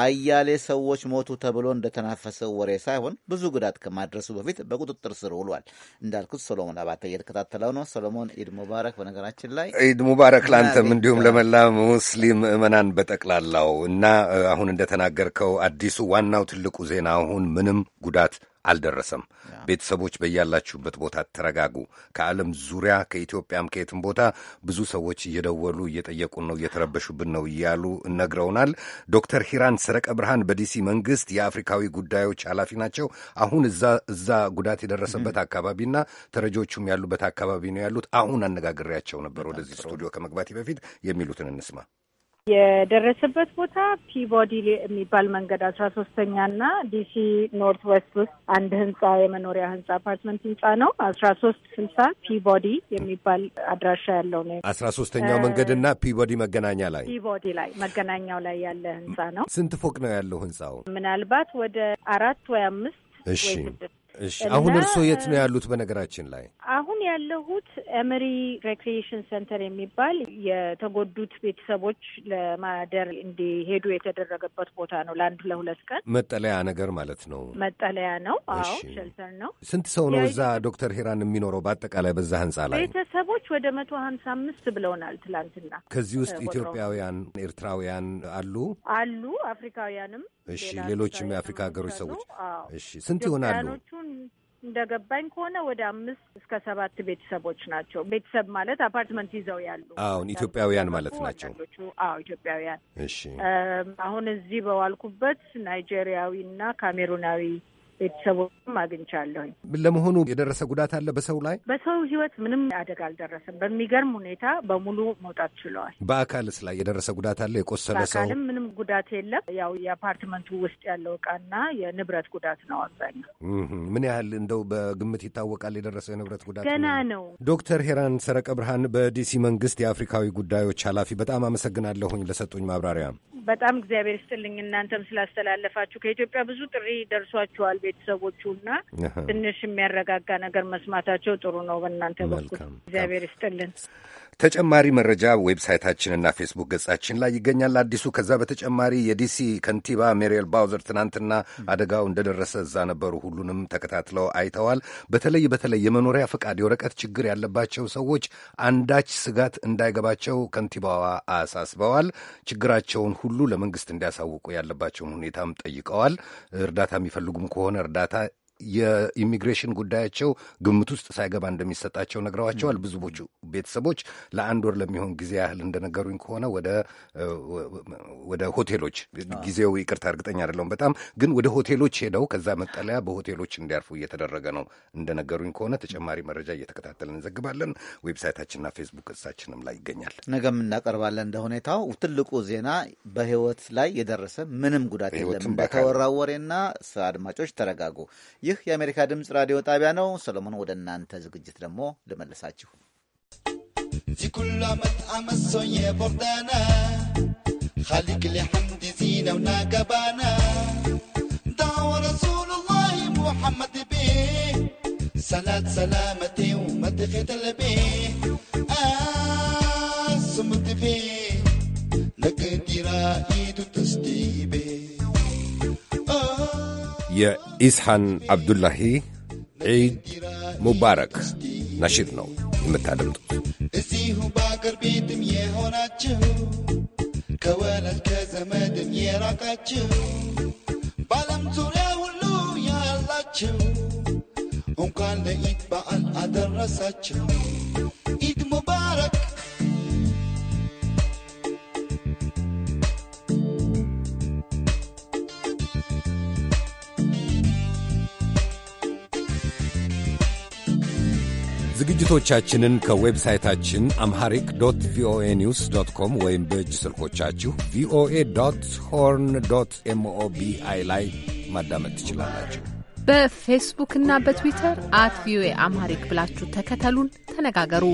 አያሌ ሰዎች ሞቱ ተብሎ እንደተናፈሰው ወሬ ሳይሆን ብዙ ጉዳት ከማድረሱ በፊት በቁጥጥር ስር ውሏል። እንዳልኩት ሶሎሞን አባተ እየተከታተለው ነው። ሶሎሞን ኢድ ሙባረክ። በነገራችን ላይ ኢድ ሙባረክ ላንተም፣ እንዲሁም ለመላ ሙስሊም ምዕመናን በጠቅላላው እና አሁን እንደተናገርከው አዲሱ ዋናው ትልቁ ዜና አሁን ምንም ጉዳት አልደረሰም። ቤተሰቦች በያላችሁበት ቦታ ተረጋጉ። ከዓለም ዙሪያ ከኢትዮጵያም ከየትም ቦታ ብዙ ሰዎች እየደወሉ እየጠየቁን ነው፣ እየተረበሹብን ነው እያሉ ነግረውናል። ዶክተር ሂራን ሰረቀ ብርሃን በዲሲ መንግስት የአፍሪካዊ ጉዳዮች ኃላፊ ናቸው። አሁን እዛ እዛ ጉዳት የደረሰበት አካባቢና ተረጆቹም ያሉበት አካባቢ ነው ያሉት። አሁን አነጋግሬያቸው ነበር ወደዚህ ስቱዲዮ ከመግባቴ በፊት የሚሉትን እንስማ። የደረሰበት ቦታ ፒቦዲ የሚባል መንገድ አስራ ሶስተኛ ና ዲሲ ኖርት ዌስት ውስጥ አንድ ህንጻ የመኖሪያ ህንጻ አፓርትመንት ህንጻ ነው። አስራ ሶስት ስልሳ ፒቦዲ የሚባል አድራሻ ያለው ነው። አስራ ሶስተኛው መንገድ ና ፒቦዲ መገናኛ ላይ ፒቦዲ ላይ መገናኛው ላይ ያለ ህንጻ ነው። ስንት ፎቅ ነው ያለው ህንጻው? ምናልባት ወደ አራት ወይ አምስት እሺ እሺ፣ አሁን እርስዎ የት ነው ያሉት? በነገራችን ላይ አሁን ያለሁት ኤምሪ ሬክሪኤሽን ሴንተር የሚባል የተጎዱት ቤተሰቦች ለማደር እንዲሄዱ የተደረገበት ቦታ ነው። ለአንድ ለሁለት ቀን መጠለያ ነገር ማለት ነው። መጠለያ ነው። አዎ፣ ሸልተር ነው። ስንት ሰው ነው እዛ ዶክተር ሄራን የሚኖረው? በአጠቃላይ በዛ ህንጻ ላይ ቤተሰቦች ወደ መቶ ሀምሳ አምስት ብለውናል ትላንትና። ከዚህ ውስጥ ኢትዮጵያውያን፣ ኤርትራውያን አሉ አሉ አፍሪካውያንም። እሺ፣ ሌሎችም የአፍሪካ ሀገሮች ሰዎች። እሺ፣ ስንት ይሆናሉ? አሁን እንደገባኝ ከሆነ ወደ አምስት እስከ ሰባት ቤተሰቦች ናቸው። ቤተሰብ ማለት አፓርትመንት ይዘው ያሉ አሁን ኢትዮጵያውያን ማለት ናቸው። አዎ ኢትዮጵያውያን። እሺ አሁን እዚህ በዋልኩበት ናይጄሪያዊና ካሜሩናዊ ቤተሰቦችም አግኝቻለሁኝ። ለመሆኑ የደረሰ ጉዳት አለ በሰው ላይ? በሰው ህይወት ምንም አደጋ አልደረሰም። በሚገርም ሁኔታ በሙሉ መውጣት ችለዋል። በአካልስ ላይ የደረሰ ጉዳት አለ? የቆሰለ ሰው? በአካልም ምንም ጉዳት የለም። ያው የአፓርትመንቱ ውስጥ ያለው እቃና የንብረት ጉዳት ነው አብዛኛው። ምን ያህል እንደው በግምት ይታወቃል የደረሰው የንብረት ጉዳት? ገና ነው። ዶክተር ሄራን ሰረቀ ብርሃን በዲሲ መንግስት የአፍሪካዊ ጉዳዮች ኃላፊ፣ በጣም አመሰግናለሁኝ ለሰጡኝ ማብራሪያ። በጣም እግዚአብሔር ይስጥልኝ። እናንተም ስላስተላለፋችሁ ከኢትዮጵያ ብዙ ጥሪ ደርሷችኋል ቤተሰቦቹ እና ትንሽ የሚያረጋጋ ነገር መስማታቸው ጥሩ ነው። በእናንተ በኩል እግዚአብሔር ይስጥልን። ተጨማሪ መረጃ ዌብሳይታችንና ፌስቡክ ገጻችን ላይ ይገኛል። አዲሱ ከዛ በተጨማሪ የዲሲ ከንቲባ ሜሪየል ባውዘር ትናንትና አደጋው እንደደረሰ እዛ ነበሩ። ሁሉንም ተከታትለው አይተዋል። በተለይ በተለይ የመኖሪያ ፈቃድ የወረቀት ችግር ያለባቸው ሰዎች አንዳች ስጋት እንዳይገባቸው ከንቲባዋ አሳስበዋል። ችግራቸውን ሁሉ ለመንግስት እንዲያሳውቁ ያለባቸውን ሁኔታም ጠይቀዋል። እርዳታ የሚፈልጉም ከሆነ እርዳታ የኢሚግሬሽን ጉዳያቸው ግምት ውስጥ ሳይገባ እንደሚሰጣቸው ነግረዋቸዋል። ብዙ ቤተሰቦች ለአንድ ወር ለሚሆን ጊዜ ያህል እንደነገሩኝ ከሆነ ወደ ሆቴሎች ጊዜው ይቅርታ፣ እርግጠኛ አይደለሁም በጣም ግን ወደ ሆቴሎች ሄደው ከዛ መጠለያ በሆቴሎች እንዲያርፉ እየተደረገ ነው እንደነገሩኝ ከሆነ ተጨማሪ መረጃ እየተከታተልን እንዘግባለን። ዌብሳይታችንና ፌስቡክ ገጻችንም ላይ ይገኛል። ነገም እናቀርባለን። እንደ ሁኔታው ትልቁ ዜና በህይወት ላይ የደረሰ ምንም ጉዳት የለም። በተወራወሬና አድማጮች ተረጋጉ። ይህ የአሜሪካ ድምፅ ራዲዮ ጣቢያ ነው። ሰሎሞን፣ ወደ እናንተ ዝግጅት ደግሞ ልመልሳችሁ። ሰላት ሰላመቴ መትፌተለቤ ስምትፌ نقدر عيد تسديبي የኢስሐን አብዱላሂ ዒድ ሙባረክ ነሽድ ነው የምታደምጡት። እዚሁ በአቅርቢትም የሆናችሁ ከወለት ከዘመድም የራቃችሁ በዓለም ዙሪያ ሁሉ ያላችሁ እንኳን ለኢድ በዓል አደረሳችሁ። ዝግጅቶቻችንን ከዌብሳይታችን አምሃሪክ ዶት ቪኦኤ ኒውስ ዶት ኮም ወይም በእጅ ስልኮቻችሁ ቪኦኤ ዶት ሆርን ዶት ኤምኦቢአይ ላይ ማዳመጥ ትችላላችሁ። በፌስቡክና በትዊተር አት ቪኦኤ አማሪክ ብላችሁ ተከተሉን፣ ተነጋገሩ።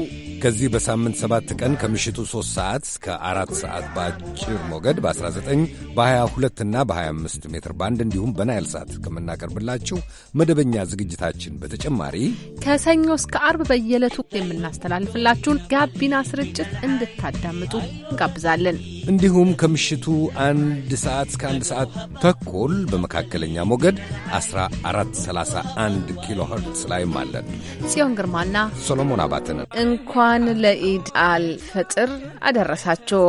ከዚህ በሳምንት ሰባት ቀን ከምሽቱ 3 ሰዓት እስከ አራት ሰዓት በአጭር ሞገድ በ19 በ22 እና በ25 ሜትር ባንድ እንዲሁም በናይል ሳት ከምናቀርብላችሁ መደበኛ ዝግጅታችን በተጨማሪ ከሰኞ እስከ አርብ በየዕለቱ የምናስተላልፍላችሁን ጋቢና ስርጭት እንድታዳምጡ እንጋብዛለን። እንዲሁም ከምሽቱ አንድ ሰዓት እስከ አንድ ሰዓት ተኩል በመካከለኛ ሞገድ 14 431 ኪሎ ኸርትስ ላይም አለን። ጽዮን ግርማና ሶሎሞን አባትን እንኳን ለኢድ አልፈጥር አደረሳችሁ።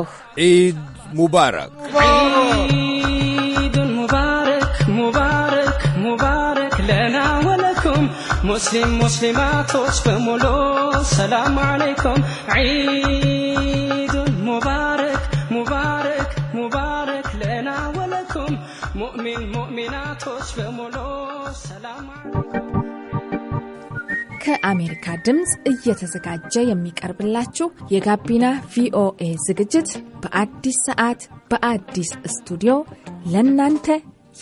ኢድ ሙባረክ ሙባረክ ሙባረክ ለና ወለኩም ሙስሊም ሙስሊማቶች በሙሉ ሰላም አለይኩም ከአሜሪካ ድምፅ እየተዘጋጀ የሚቀርብላችሁ የጋቢና ቪኦኤ ዝግጅት በአዲስ ሰዓት በአዲስ ስቱዲዮ ለእናንተ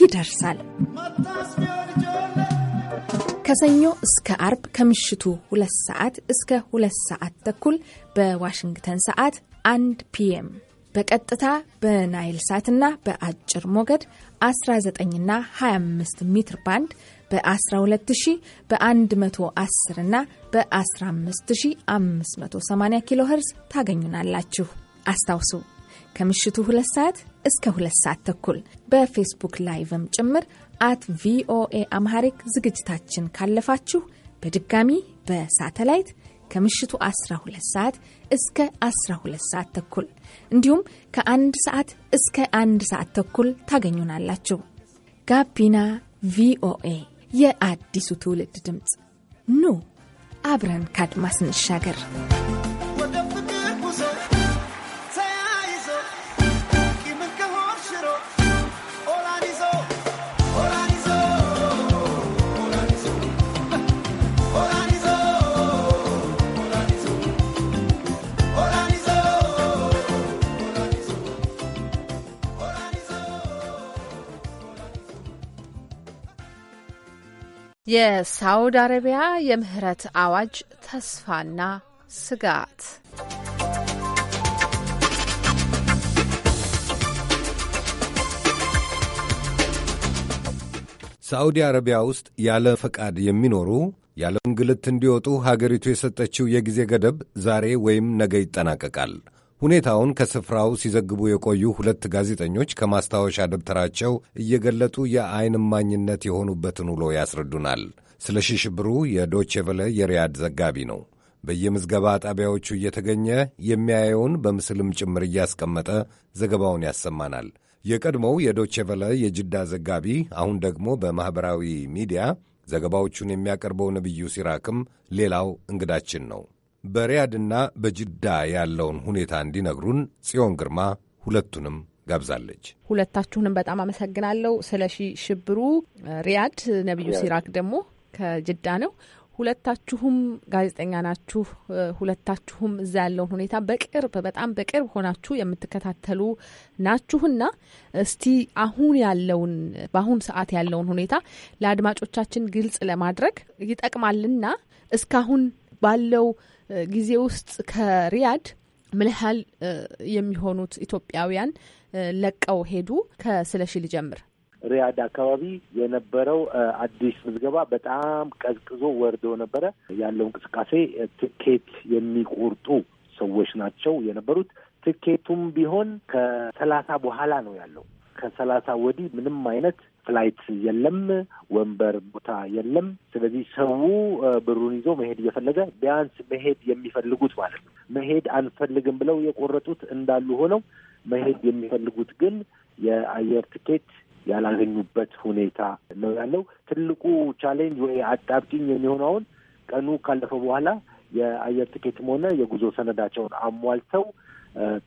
ይደርሳል። ከሰኞ እስከ አርብ ከምሽቱ ሁለት ሰዓት እስከ ሁለት ሰዓት ተኩል በዋሽንግተን ሰዓት አንድ ፒኤም በቀጥታ በናይል ሳትና በአጭር ሞገድ 19ና 25 ሜትር ባንድ በ12000 በ110 እና በ15580 ኪሎ ኸርዝ ታገኙናላችሁ። አስታውሱ ከምሽቱ 2 ሰዓት እስከ 2 ሰዓት ተኩል በፌስቡክ ላይቭም ጭምር አት ቪኦኤ አምሃሪክ ዝግጅታችን ካለፋችሁ በድጋሚ በሳተላይት ከምሽቱ 12 ሰዓት እስከ 12 ሰዓት ተኩል እንዲሁም ከአንድ ሰዓት እስከ አንድ ሰዓት ተኩል ታገኙናላችሁ። ጋቢና ቪኦኤ የአዲሱ ትውልድ ድምፅ ኑ አብረን ካድማስ እንሻገር። የሳውዲ አረቢያ የምህረት አዋጅ ተስፋና ስጋት ሳዑዲ አረቢያ ውስጥ ያለ ፈቃድ የሚኖሩ ያለ እንግልት እንዲወጡ ሀገሪቱ የሰጠችው የጊዜ ገደብ ዛሬ ወይም ነገ ይጠናቀቃል። ሁኔታውን ከስፍራው ሲዘግቡ የቆዩ ሁለት ጋዜጠኞች ከማስታወሻ ደብተራቸው እየገለጡ የዓይን እማኝነት የሆኑበትን ውሎ ያስረዱናል። ስለ ሽሽብሩ የዶቼ ቨለ የሪያድ ዘጋቢ ነው። በየምዝገባ ጣቢያዎቹ እየተገኘ የሚያየውን በምስልም ጭምር እያስቀመጠ ዘገባውን ያሰማናል። የቀድሞው የዶቼ ቨለ የጅዳ ዘጋቢ አሁን ደግሞ በማኅበራዊ ሚዲያ ዘገባዎቹን የሚያቀርበው ነቢዩ ሲራክም ሌላው እንግዳችን ነው። በሪያድና በጅዳ ያለውን ሁኔታ እንዲነግሩን ጽዮን ግርማ ሁለቱንም ጋብዛለች። ሁለታችሁንም በጣም አመሰግናለሁ። ስለሺ ሽብሩ ሪያድ፣ ነቢዩ ሲራክ ደግሞ ከጅዳ ነው። ሁለታችሁም ጋዜጠኛ ናችሁ። ሁለታችሁም እዛ ያለውን ሁኔታ በቅርብ በጣም በቅርብ ሆናችሁ የምትከታተሉ ናችሁና እስቲ አሁን ያለውን በአሁን ሰዓት ያለውን ሁኔታ ለአድማጮቻችን ግልጽ ለማድረግ ይጠቅማልና እስካሁን ባለው ጊዜ ውስጥ ከሪያድ ምን ያህል የሚሆኑት ኢትዮጵያውያን ለቀው ሄዱ? ከስለሺ ልጀምር። ሪያድ አካባቢ የነበረው አዲስ ምዝገባ በጣም ቀዝቅዞ ወርዶ ነበረ። ያለው እንቅስቃሴ ትኬት የሚቆርጡ ሰዎች ናቸው የነበሩት። ትኬቱም ቢሆን ከሰላሳ በኋላ ነው ያለው። ከሰላሳ ወዲህ ምንም አይነት ፍላይት የለም፣ ወንበር ቦታ የለም። ስለዚህ ሰው ብሩን ይዞ መሄድ እየፈለገ ቢያንስ መሄድ የሚፈልጉት ማለት ነው መሄድ አንፈልግም ብለው የቆረጡት እንዳሉ ሆነው መሄድ የሚፈልጉት ግን የአየር ትኬት ያላገኙበት ሁኔታ ነው ያለው። ትልቁ ቻሌንጅ ወይ አጣብቂኝ የሚሆነውን ቀኑ ካለፈ በኋላ የአየር ትኬትም ሆነ የጉዞ ሰነዳቸውን አሟልተው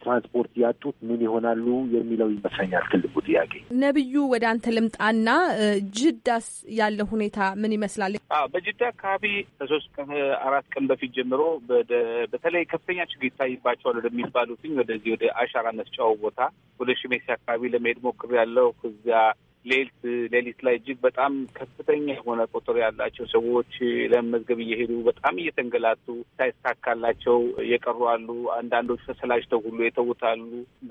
ትራንስፖርት ያጡት ምን ይሆናሉ የሚለው ይመስለኛል ትልቁ ጥያቄ። ነብዩ ወደ አንተ ልምጣና ጅዳስ ያለ ሁኔታ ምን ይመስላል? በጅዳ አካባቢ ከሶስት ቀን አራት ቀን በፊት ጀምሮ በተለይ ከፍተኛ ችግር ይታይባቸዋል ወደሚባሉትኝ ወደዚህ ወደ አሻራ መስጫው ቦታ ወደ ሽሜሲ አካባቢ ለመሄድ ያለው ከዚያ ሌሊት ሌሊት ላይ እጅግ በጣም ከፍተኛ የሆነ ቁጥር ያላቸው ሰዎች ለመመዝገብ እየሄዱ በጣም እየተንገላቱ ሳይሳካላቸው የቀሩ አሉ። አንዳንዶች ተሰላጅተው ሁሉ የተውታሉ።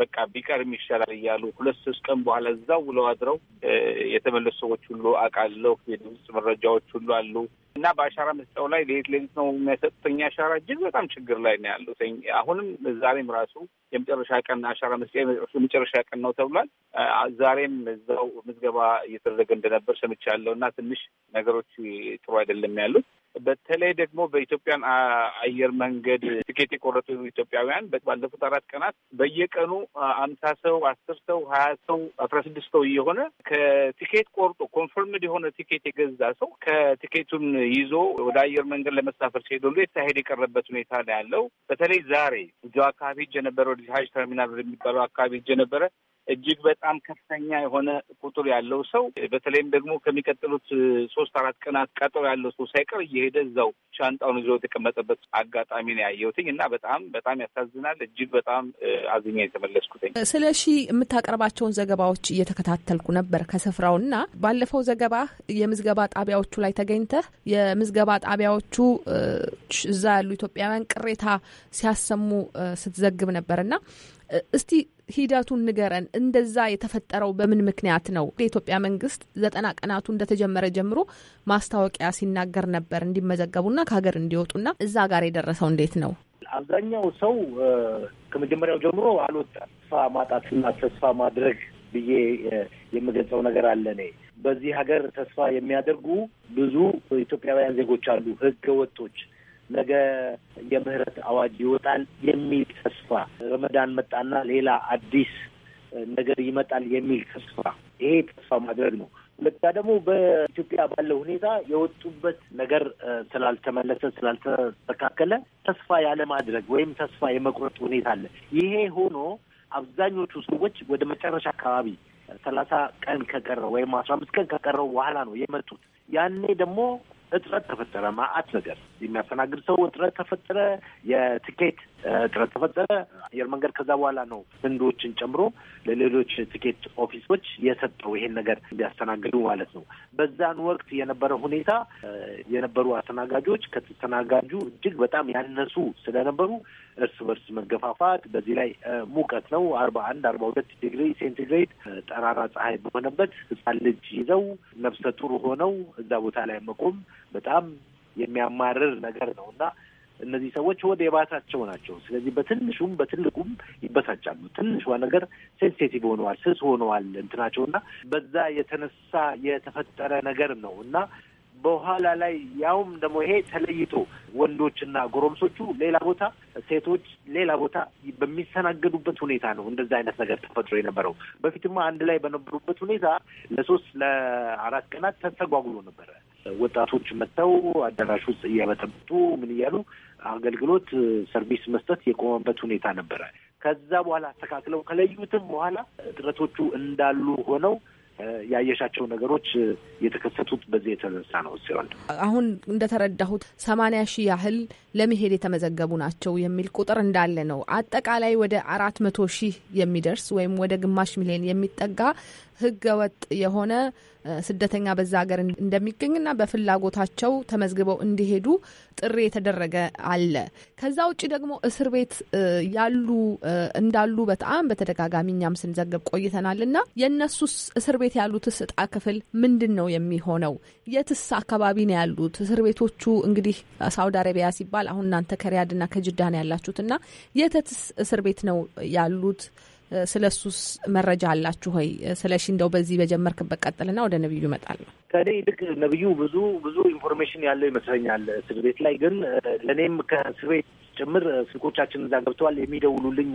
በቃ ቢቀርም ይሻላል እያሉ ሁለት ሶስት ቀን በኋላ እዛው ውለው አድረው የተመለሱ ሰዎች ሁሉ አውቃለሁ። የድምፅ መረጃዎች ሁሉ አሉ። እና በአሻራ መስጫው ላይ ሌት ሌሊት ነው የሚያሰጡትኝ አሻራ እጅግ በጣም ችግር ላይ ነው ያለው። አሁንም ዛሬም ራሱ የመጨረሻ ቀን አሻራ መስጫ የመጨረሻ ቀን ነው ተብሏል። ዛሬም እዛው ምዝገባ እየተደረገ እንደነበር ሰምቻለሁ። እና ትንሽ ነገሮች ጥሩ አይደለም ያሉት በተለይ ደግሞ በኢትዮጵያን አየር መንገድ ትኬት የቆረጡ ኢትዮጵያውያን ባለፉት አራት ቀናት በየቀኑ አምሳ ሰው አስር ሰው ሀያ ሰው አስራ ስድስት ሰው እየሆነ ከቲኬት ቆርጦ ኮንፈርምድ የሆነ ቲኬት የገዛ ሰው ከቲኬቱን ይዞ ወደ አየር መንገድ ለመሳፈር ሲሄድ ሁሉ የተካሄድ የቀረበት ሁኔታ ነው ያለው። በተለይ ዛሬ እዚ አካባቢ ሄጄ ነበረ። ወደ ሀጅ ተርሚናል የሚባለው አካባቢ ሄጄ ነበረ። እጅግ በጣም ከፍተኛ የሆነ ቁጥር ያለው ሰው በተለይም ደግሞ ከሚቀጥሉት ሶስት አራት ቀናት ቀጠሮ ያለው ሰው ሳይቀር እየሄደ እዛው ሻንጣውን ይዞ የተቀመጠበት አጋጣሚ ነው ያየሁትኝ እና በጣም በጣም ያሳዝናል። እጅግ በጣም አዝኛ የተመለስኩትኝ። ስለ ሺ የምታቀርባቸውን ዘገባዎች እየተከታተልኩ ነበር ከስፍራው እና ባለፈው ዘገባ የምዝገባ ጣቢያዎቹ ላይ ተገኝተህ የምዝገባ ጣቢያዎቹ እዛ ያሉ ኢትዮጵያውያን ቅሬታ ሲያሰሙ ስትዘግብ ነበር እና እስቲ ሂደቱን ንገረን። እንደዛ የተፈጠረው በምን ምክንያት ነው? የኢትዮጵያ መንግስት ዘጠና ቀናቱ እንደተጀመረ ጀምሮ ማስታወቂያ ሲናገር ነበር እንዲመዘገቡና ከሀገር እንዲወጡና እዛ ጋር የደረሰው እንዴት ነው? አብዛኛው ሰው ከመጀመሪያው ጀምሮ አልወጣም። ተስፋ ማጣትና ተስፋ ማድረግ ብዬ የምገልጸው ነገር አለ። እኔ በዚህ ሀገር ተስፋ የሚያደርጉ ብዙ ኢትዮጵያውያን ዜጎች አሉ፣ ህገ ወጦች ነገ የምህረት አዋጅ ይወጣል የሚል ተስፋ፣ ረመዳን መጣና ሌላ አዲስ ነገር ይመጣል የሚል ተስፋ፣ ይሄ ተስፋ ማድረግ ነው። ሁለታ ደግሞ በኢትዮጵያ ባለው ሁኔታ የወጡበት ነገር ስላልተመለሰ ስላልተስተካከለ ተስፋ ያለማድረግ ወይም ተስፋ የመቁረጥ ሁኔታ አለ። ይሄ ሆኖ አብዛኞቹ ሰዎች ወደ መጨረሻ አካባቢ ሰላሳ ቀን ከቀረው ወይም አስራ አምስት ቀን ከቀረው በኋላ ነው የመጡት። ያኔ ደግሞ እጥረት ተፈጠረ። ማአት ነገር የሚያስተናግድ ሰው እጥረት ተፈጠረ። የትኬት እጥረት ተፈጠረ። አየር መንገድ ከዛ በኋላ ነው ህንዶችን ጨምሮ ለሌሎች ትኬት ኦፊሶች የሰጠው ይሄን ነገር እንዲያስተናግዱ ማለት ነው። በዛን ወቅት የነበረ ሁኔታ የነበሩ አስተናጋጆች ከተስተናጋጁ እጅግ በጣም ያነሱ ስለነበሩ እርስ በርስ መገፋፋት፣ በዚህ ላይ ሙቀት ነው። አርባ አንድ አርባ ሁለት ዲግሪ ሴንቲግሬድ ጠራራ ፀሐይ በሆነበት ህፃን ልጅ ይዘው ነፍሰ ጡር ሆነው እዛ ቦታ ላይ መቆም በጣም የሚያማርር ነገር ነው እና እነዚህ ሰዎች ወደ የባሳቸው ናቸው። ስለዚህ በትንሹም በትልቁም ይበሳጫሉ። ትንሿ ነገር ሴንሴቲቭ ሆነዋል፣ ስስ ሆነዋል እንትናቸው እና በዛ የተነሳ የተፈጠረ ነገር ነው እና በኋላ ላይ ያውም ደግሞ ይሄ ተለይቶ ወንዶችና ጎረምሶቹ ሌላ ቦታ፣ ሴቶች ሌላ ቦታ በሚሰናገዱበት ሁኔታ ነው እንደዚ አይነት ነገር ተፈጥሮ የነበረው። በፊትማ አንድ ላይ በነበሩበት ሁኔታ ለሶስት ለአራት ቀናት ተስተጓጉሎ ነበረ። ወጣቶች መጥተው አዳራሽ ውስጥ እያበጠበጡ ምን እያሉ አገልግሎት ሰርቪስ መስጠት የቆመበት ሁኔታ ነበረ። ከዛ በኋላ አስተካክለው ከለዩትም በኋላ ጥረቶቹ እንዳሉ ሆነው ያየሻቸው ነገሮች የተከሰቱት በዚህ የተነሳ ነው ሲሆን አሁን እንደተረዳሁት ሰማንያ ሺህ ያህል ለመሄድ የተመዘገቡ ናቸው የሚል ቁጥር እንዳለ ነው። አጠቃላይ ወደ አራት መቶ ሺህ የሚደርስ ወይም ወደ ግማሽ ሚሊዮን የሚጠጋ ህገ ወጥ የሆነ ስደተኛ በዛ ሀገር እንደሚገኝና በፍላጎታቸው ተመዝግበው እንዲሄዱ ጥሪ የተደረገ አለ። ከዛ ውጭ ደግሞ እስር ቤት ያሉ እንዳሉ በጣም በተደጋጋሚ እኛም ስንዘግብ ቆይተናል እና የእነሱስ እስር ቤት ያሉትስ እጣ ክፍል ምንድን ነው የሚሆነው? የትስ አካባቢ ነው ያሉት? እስር ቤቶቹ እንግዲህ ሳውዲ አረቢያ ሲባል አሁን እናንተ ከሪያድና ከጅዳን ያላችሁትና የትስ እስር ቤት ነው ያሉት? ስለ እሱስ መረጃ አላችሁ ሆይ? ስለ ሺ እንደው በዚህ በጀመርክበት ቀጥልና ወደ ነቢዩ ይመጣል ከእኔ ይልቅ ነቢዩ ብዙ ብዙ ኢንፎርሜሽን ያለው ይመስለኛል። እስር ቤት ላይ ግን ለእኔም ከእስር ቤት ጭምር ስልኮቻችን እዛ ገብተዋል። የሚደውሉልኝ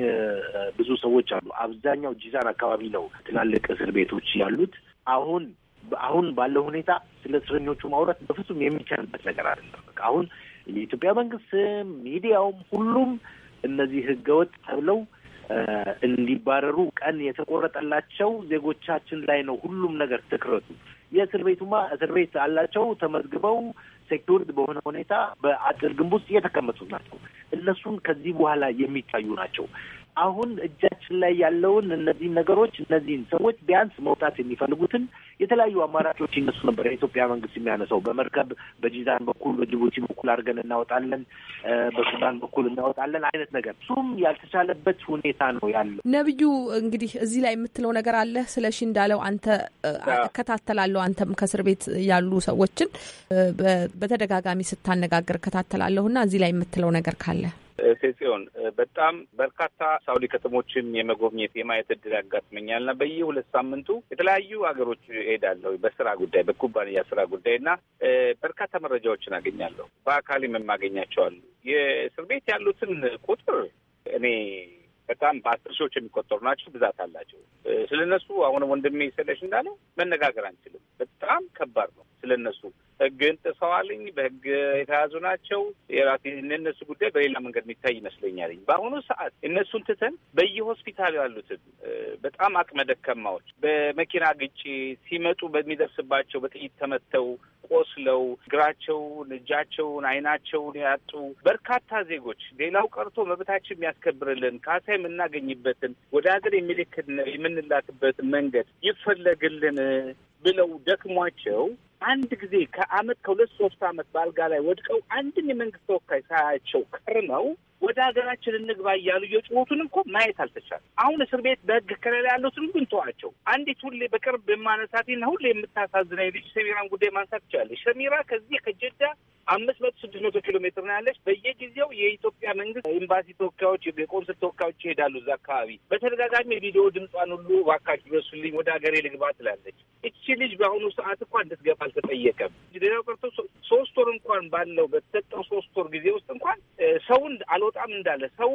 ብዙ ሰዎች አሉ። አብዛኛው ጂዛን አካባቢ ነው ትላልቅ እስር ቤቶች ያሉት። አሁን አሁን ባለው ሁኔታ ስለ እስረኞቹ ማውራት በፍጹም የሚቻልበት ነገር አይደለም። አሁን የኢትዮጵያ መንግስትም ሚዲያውም ሁሉም እነዚህ ህገወጥ ተብለው እንዲባረሩ ቀን የተቆረጠላቸው ዜጎቻችን ላይ ነው ሁሉም ነገር ትኩረቱ። የእስር ቤቱማ እስር ቤት አላቸው ተመዝግበው ሴክዩርድ በሆነ ሁኔታ በአጥር ግንብ ውስጥ እየተቀመጡ ናቸው። እነሱን ከዚህ በኋላ የሚታዩ ናቸው። አሁን እጃችን ላይ ያለውን እነዚህን ነገሮች እነዚህን ሰዎች ቢያንስ መውጣት የሚፈልጉትን የተለያዩ አማራጮች ይነሱ ነበር። የኢትዮጵያ መንግስት የሚያነሳው በመርከብ በጂዛን በኩል በጅቡቲ በኩል አድርገን እናወጣለን፣ በሱዳን በኩል እናወጣለን አይነት ነገር እሱም ያልተቻለበት ሁኔታ ነው ያለው። ነብዩ እንግዲህ እዚህ ላይ የምትለው ነገር አለ ስለሺ እንዳለው አንተ እከታተላለሁ፣ አንተም ከእስር ቤት ያሉ ሰዎችን በተደጋጋሚ ስታነጋግር እከታተላለሁና እዚህ ላይ የምትለው ነገር ካለ ሴጽዮን በጣም በርካታ ሳውዲ ከተሞችን የመጎብኘት የማየት እድል ያጋጥመኛል እና በየሁለት ሳምንቱ የተለያዩ ሀገሮች ሄዳለሁ በስራ ጉዳይ በኩባንያ ስራ ጉዳይ እና በርካታ መረጃዎችን አገኛለሁ። በአካል የምማገኛቸዋሉ የእስር ቤት ያሉትን ቁጥር እኔ በጣም በአስር ሺዎች የሚቆጠሩ ናቸው። ብዛት አላቸው። ስለ እነሱ አሁንም ወንድሜ ስለሽ እንዳለ መነጋገር አንችልም። በጣም ከባድ ነው። ስለ እነሱ ህግን ጥሰዋልኝ፣ በህግ የተያዙ ናቸው። የራሴ እነሱ ጉዳይ በሌላ መንገድ የሚታይ ይመስለኛል። በአሁኑ ሰዓት እነሱን ትተን በየሆስፒታሉ ያሉትን በጣም አቅመ ደከማዎች በመኪና ግጭ ሲመጡ በሚደርስባቸው በጥይት ተመተው ቆስለው እግራቸውን፣ እጃቸውን፣ አይናቸውን ያጡ በርካታ ዜጎች ሌላው ቀርቶ መብታችን የሚያስከብርልን ካሳ የምናገኝበትን ወደ ሀገር የሚልክን የምንላክበት መንገድ ይፈለግልን ብለው ደክሟቸው አንድ ጊዜ ከአመት ከሁለት ሶስት ዓመት በአልጋ ላይ ወድቀው አንድን የመንግስት ተወካይ ሳያቸው ቀርነው ወደ ሀገራችን እንግባ እያሉ የጩኸቱን እኮ ማየት አልተቻለ። አሁን እስር ቤት በህግ ከለላ ያሉትን ሁሉ ተዋቸው። አንዲት ሁሌ በቅርብ የማነሳትና ሁሌ የምታሳዝነኝ ልጅ ሰሚራን ጉዳይ ማንሳት ትችላለች። ሰሚራ ከዚህ ከጀዳ አምስት መቶ ስድስት መቶ ኪሎ ሜትር ነው ያለች። በየጊዜው የኢትዮጵያ መንግስት ኤምባሲ ተወካዮች፣ የቆንስል ተወካዮች ይሄዳሉ እዛ አካባቢ በተደጋጋሚ የቪዲዮ ድምጿን ሁሉ እባካችሁ ድረሱልኝ ወደ ሀገሬ ልግባ ትላለች። እቺ ልጅ በአሁኑ ሰዓት እኳ እንድትገባ አልተጠየቀም። ሌላው ቀርቶ ሶስት ወር እንኳን ባለው በተሰጠው ሶስት ወር ጊዜ ውስጥ እንኳን ሰውን አልወ አልወጣም እንዳለ ሰው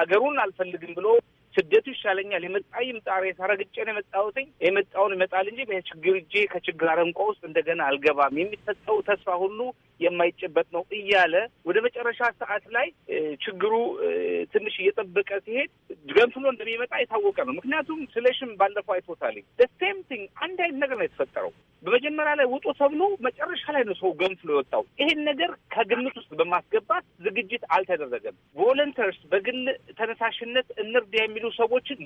አገሩን አልፈልግም ብሎ ስደቱ ይሻለኛል የመጣ ይምጣ ሬሳ ረግጬ ነው የመጣሁት የመጣውን ይመጣል እንጂ በችግር እጄ ከችግር አረንቋ ውስጥ እንደገና አልገባም የሚሰጠው ተስፋ ሁሉ የማይጨበጥ ነው እያለ ወደ መጨረሻ ሰዓት ላይ ችግሩ ትንሽ እየጠበቀ ሲሄድ ገንፍሎ እንደሚመጣ የታወቀ ነው። ምክንያቱም ስለሽም ባለፈው አይቶታል። ሴም ቲንግ አንድ አይነት ነገር ነው የተፈጠረው። በመጀመሪያ ላይ ውጡ ተብሎ መጨረሻ ላይ ነው ሰው ገንፍሎ የወጣው። ይሄን ነገር ከግምት ውስጥ በማስገባት ዝግጅት አልተደረገም። ቮለንተርስ በግል ተነሳሽነት እንርዳ የሚሉ ሰዎችን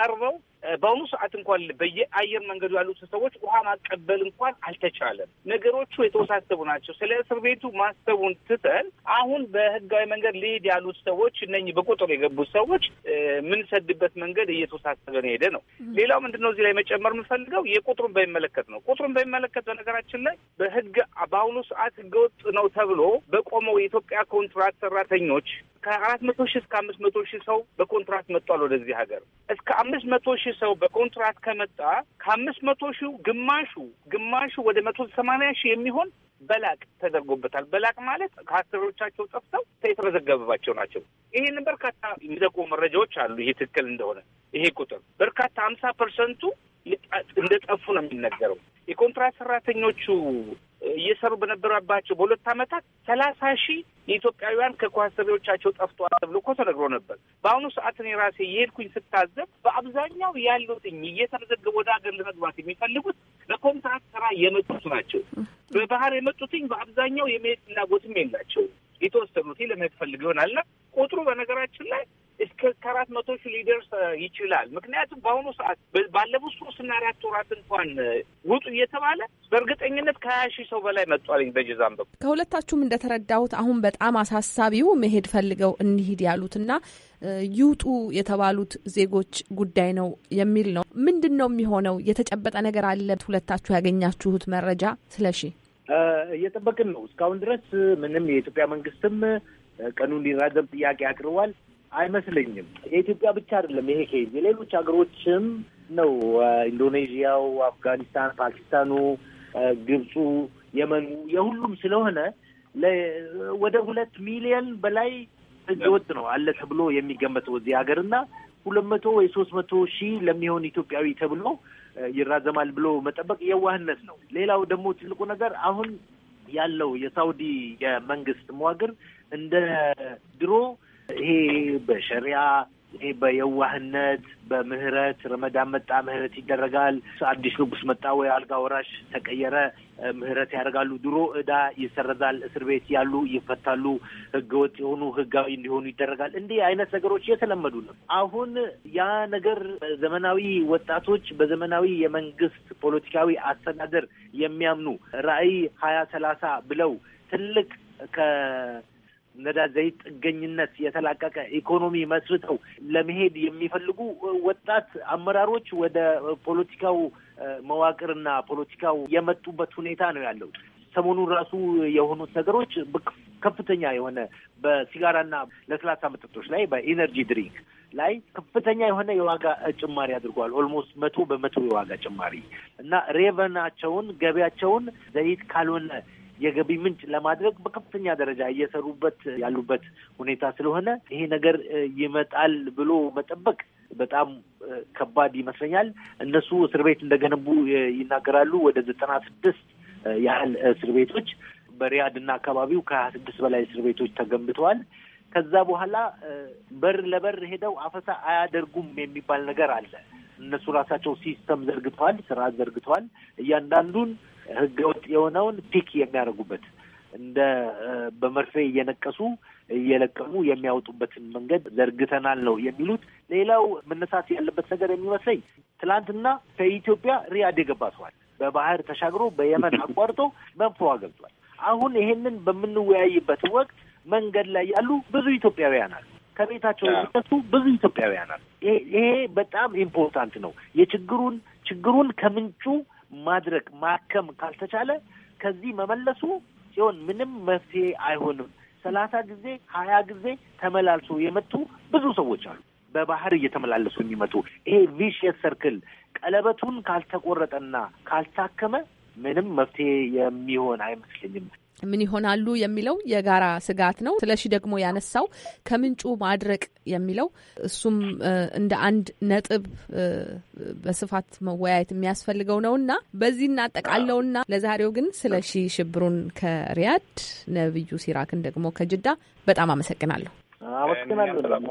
ቀርበው በአሁኑ ሰዓት እንኳን በየአየር መንገዱ ያሉ ሰዎች ውሃ ማቀበል እንኳን አልተቻለም። ነገሮቹ የተወሳሰቡ ናቸው። ስለ ምክር ቤቱ ማሰቡን ትተን አሁን በህጋዊ መንገድ ሊሄድ ያሉት ሰዎች እነኚህ በቁጥር የገቡት ሰዎች የምንሰድበት መንገድ እየተወሳሰበ ነው ሄደ ነው። ሌላው ምንድን ነው እዚህ ላይ መጨመር የምንፈልገው የቁጥሩን በሚመለከት ነው። ቁጥሩን በሚመለከት በነገራችን ላይ በህግ በአሁኑ ሰዓት ህገወጥ ነው ተብሎ በቆመው የኢትዮጵያ ኮንትራት ሰራተኞች ከአራት መቶ ሺህ እስከ አምስት መቶ ሺህ ሰው በኮንትራት መጥቷል ወደዚህ ሀገር። እስከ አምስት መቶ ሺህ ሰው በኮንትራት ከመጣ ከአምስት መቶ ሺህ ግማሹ ግማሹ ወደ መቶ ሰማንያ ሺህ የሚሆን በላቅ ተደርጎበታል። በላቅ ማለት ከአሰሪዎቻቸው ጠፍተው የተመዘገበባቸው ናቸው። ይህንን በርካታ የሚጠቁ መረጃዎች አሉ። ይህ ትክክል እንደሆነ ይሄ ቁጥር በርካታ ሀምሳ ፐርሰንቱ እንደ ጠፉ ነው የሚነገረው። የኮንትራት ሰራተኞቹ እየሰሩ በነበረባቸው በሁለት ዓመታት ሰላሳ ሺህ የኢትዮጵያውያን ከኳስ ከኳሰሪዎቻቸው ጠፍተዋል ተብሎ እኮ ተነግሮ ነበር። በአሁኑ ሰዓት እኔ ራሴ የሄድኩኝ ስታዘብ በአብዛኛው ያሉትኝ እየተመዘገቡ ወደ ሀገር ለመግባት የሚፈልጉት ለኮንትራት ስራ የመጡት ናቸው። በባህር የመጡትኝ በአብዛኛው የመሄድ ፍላጎትም የላቸው የተወሰኑት ለመሄድ ፈልገው ይሆናልና ቁጥሩ በነገራችን ላይ እስከ ከአራት መቶ ሺህ ሊደርስ ይችላል። ምክንያቱም በአሁኑ ሰዓት ባለፉት ሶስትና አራት ወራት እንኳን ውጡ እየተባለ በእርግጠኝነት ከሀያ ሺህ ሰው በላይ መጧልኝ በጅዛም በኩል ከሁለታችሁም እንደተረዳሁት አሁን በጣም አሳሳቢው መሄድ ፈልገው እንሂድ ያሉትና ይውጡ የተባሉት ዜጎች ጉዳይ ነው የሚል ነው። ምንድን ነው የሚሆነው? የተጨበጠ ነገር አለ? ሁለታችሁ ያገኛችሁት መረጃ ስለ ሺ እየጠበቅን ነው። እስካሁን ድረስ ምንም የኢትዮጵያ መንግስትም ቀኑ እንዲራዘም ጥያቄ አቅርቧል። አይመስለኝም። የኢትዮጵያ ብቻ አይደለም ይሄ ኬዝ የሌሎች ሀገሮችም ነው። ኢንዶኔዥያው፣ አፍጋኒስታን፣ ፓኪስታኑ፣ ግብፁ፣ የመኑ የሁሉም ስለሆነ ወደ ሁለት ሚሊዮን በላይ ህገወጥ ነው አለ ተብሎ የሚገመተው እዚህ ሀገር እና ሁለት መቶ ወይ ሶስት መቶ ሺህ ለሚሆን ኢትዮጵያዊ ተብሎ ይራዘማል ብሎ መጠበቅ የዋህነት ነው። ሌላው ደግሞ ትልቁ ነገር አሁን ያለው የሳውዲ የመንግስት መዋግር እንደ ድሮ ይሄ በሸሪያ ይሄ በየዋህነት በምህረት ረመዳን መጣ ምህረት ይደረጋል። አዲስ ንጉስ መጣ ወይ አልጋ ወራሽ ተቀየረ ምህረት ያደርጋሉ። ድሮ እዳ ይሰረዛል። እስር ቤት ያሉ ይፈታሉ። ህገወጥ የሆኑ ህጋዊ እንዲሆኑ ይደረጋል። እንዲህ አይነት ነገሮች የተለመዱ ነው። አሁን ያ ነገር ዘመናዊ ወጣቶች በዘመናዊ የመንግስት ፖለቲካዊ አስተዳደር የሚያምኑ ራዕይ ሀያ ሰላሳ ብለው ትልቅ ነዳጅ ዘይት ጥገኝነት የተላቀቀ ኢኮኖሚ መስርተው ለመሄድ የሚፈልጉ ወጣት አመራሮች ወደ ፖለቲካው መዋቅርና ፖለቲካው የመጡበት ሁኔታ ነው ያለው። ሰሞኑን ራሱ የሆኑት ነገሮች ከፍተኛ የሆነ በሲጋራና ለስላሳ መጠጦች ላይ በኢነርጂ ድሪንክ ላይ ከፍተኛ የሆነ የዋጋ ጭማሪ አድርጓል። ኦልሞስት መቶ በመቶ የዋጋ ጭማሪ እና ሬቨናቸውን ገቢያቸውን ዘይት ካልሆነ የገቢ ምንጭ ለማድረግ በከፍተኛ ደረጃ እየሰሩበት ያሉበት ሁኔታ ስለሆነ ይሄ ነገር ይመጣል ብሎ መጠበቅ በጣም ከባድ ይመስለኛል። እነሱ እስር ቤት እንደገነቡ ይናገራሉ። ወደ ዘጠና ስድስት ያህል እስር ቤቶች እና አካባቢው ከሀያ ስድስት በላይ እስር ቤቶች ተገንብተዋል። ከዛ በኋላ በር ለበር ሄደው አፈሳ አያደርጉም የሚባል ነገር አለ። እነሱ ራሳቸው ሲስተም ዘርግተዋል፣ ስርዓት ዘርግተዋል። እያንዳንዱን ህገወጥ የሆነውን ፒክ የሚያደርጉበት እንደ በመርፌ እየነቀሱ እየለቀሙ የሚያወጡበትን መንገድ ዘርግተናል ነው የሚሉት። ሌላው መነሳት ያለበት ነገር የሚመስለኝ ትናንትና ከኢትዮጵያ ሪያድ የገባ ሰዋል በባህር ተሻግሮ በየመን አቋርጦ መንፈዋ ገብቷል። አሁን ይሄንን በምንወያይበት ወቅት መንገድ ላይ ያሉ ብዙ ኢትዮጵያውያን አሉ። ከቤታቸው የሚነሱ ብዙ ኢትዮጵያውያን አሉ። ይሄ በጣም ኢምፖርታንት ነው። የችግሩን ችግሩን ከምንጩ ማድረግ ማከም ካልተቻለ ከዚህ መመለሱ ሲሆን ምንም መፍትሄ አይሆንም። ሰላሳ ጊዜ ሀያ ጊዜ ተመላልሶ የመጡ ብዙ ሰዎች አሉ። በባህር እየተመላለሱ የሚመጡ ይሄ ቪሽየስ ሰርክል ቀለበቱን ካልተቆረጠና ካልታከመ ምንም መፍትሄ የሚሆን አይመስለኝም። ምን ይሆናሉ የሚለው የጋራ ስጋት ነው። ስለሺ ደግሞ ያነሳው ከምንጩ ማድረቅ የሚለው እሱም እንደ አንድ ነጥብ በስፋት መወያየት የሚያስፈልገው ነውና በዚህ እናጠቃለውና ለዛሬው ግን ስለሺ ሽብሩን ከሪያድ ነብዩ ሲራክን ደግሞ ከጅዳ በጣም አመሰግናለሁ። አመሰግናለን።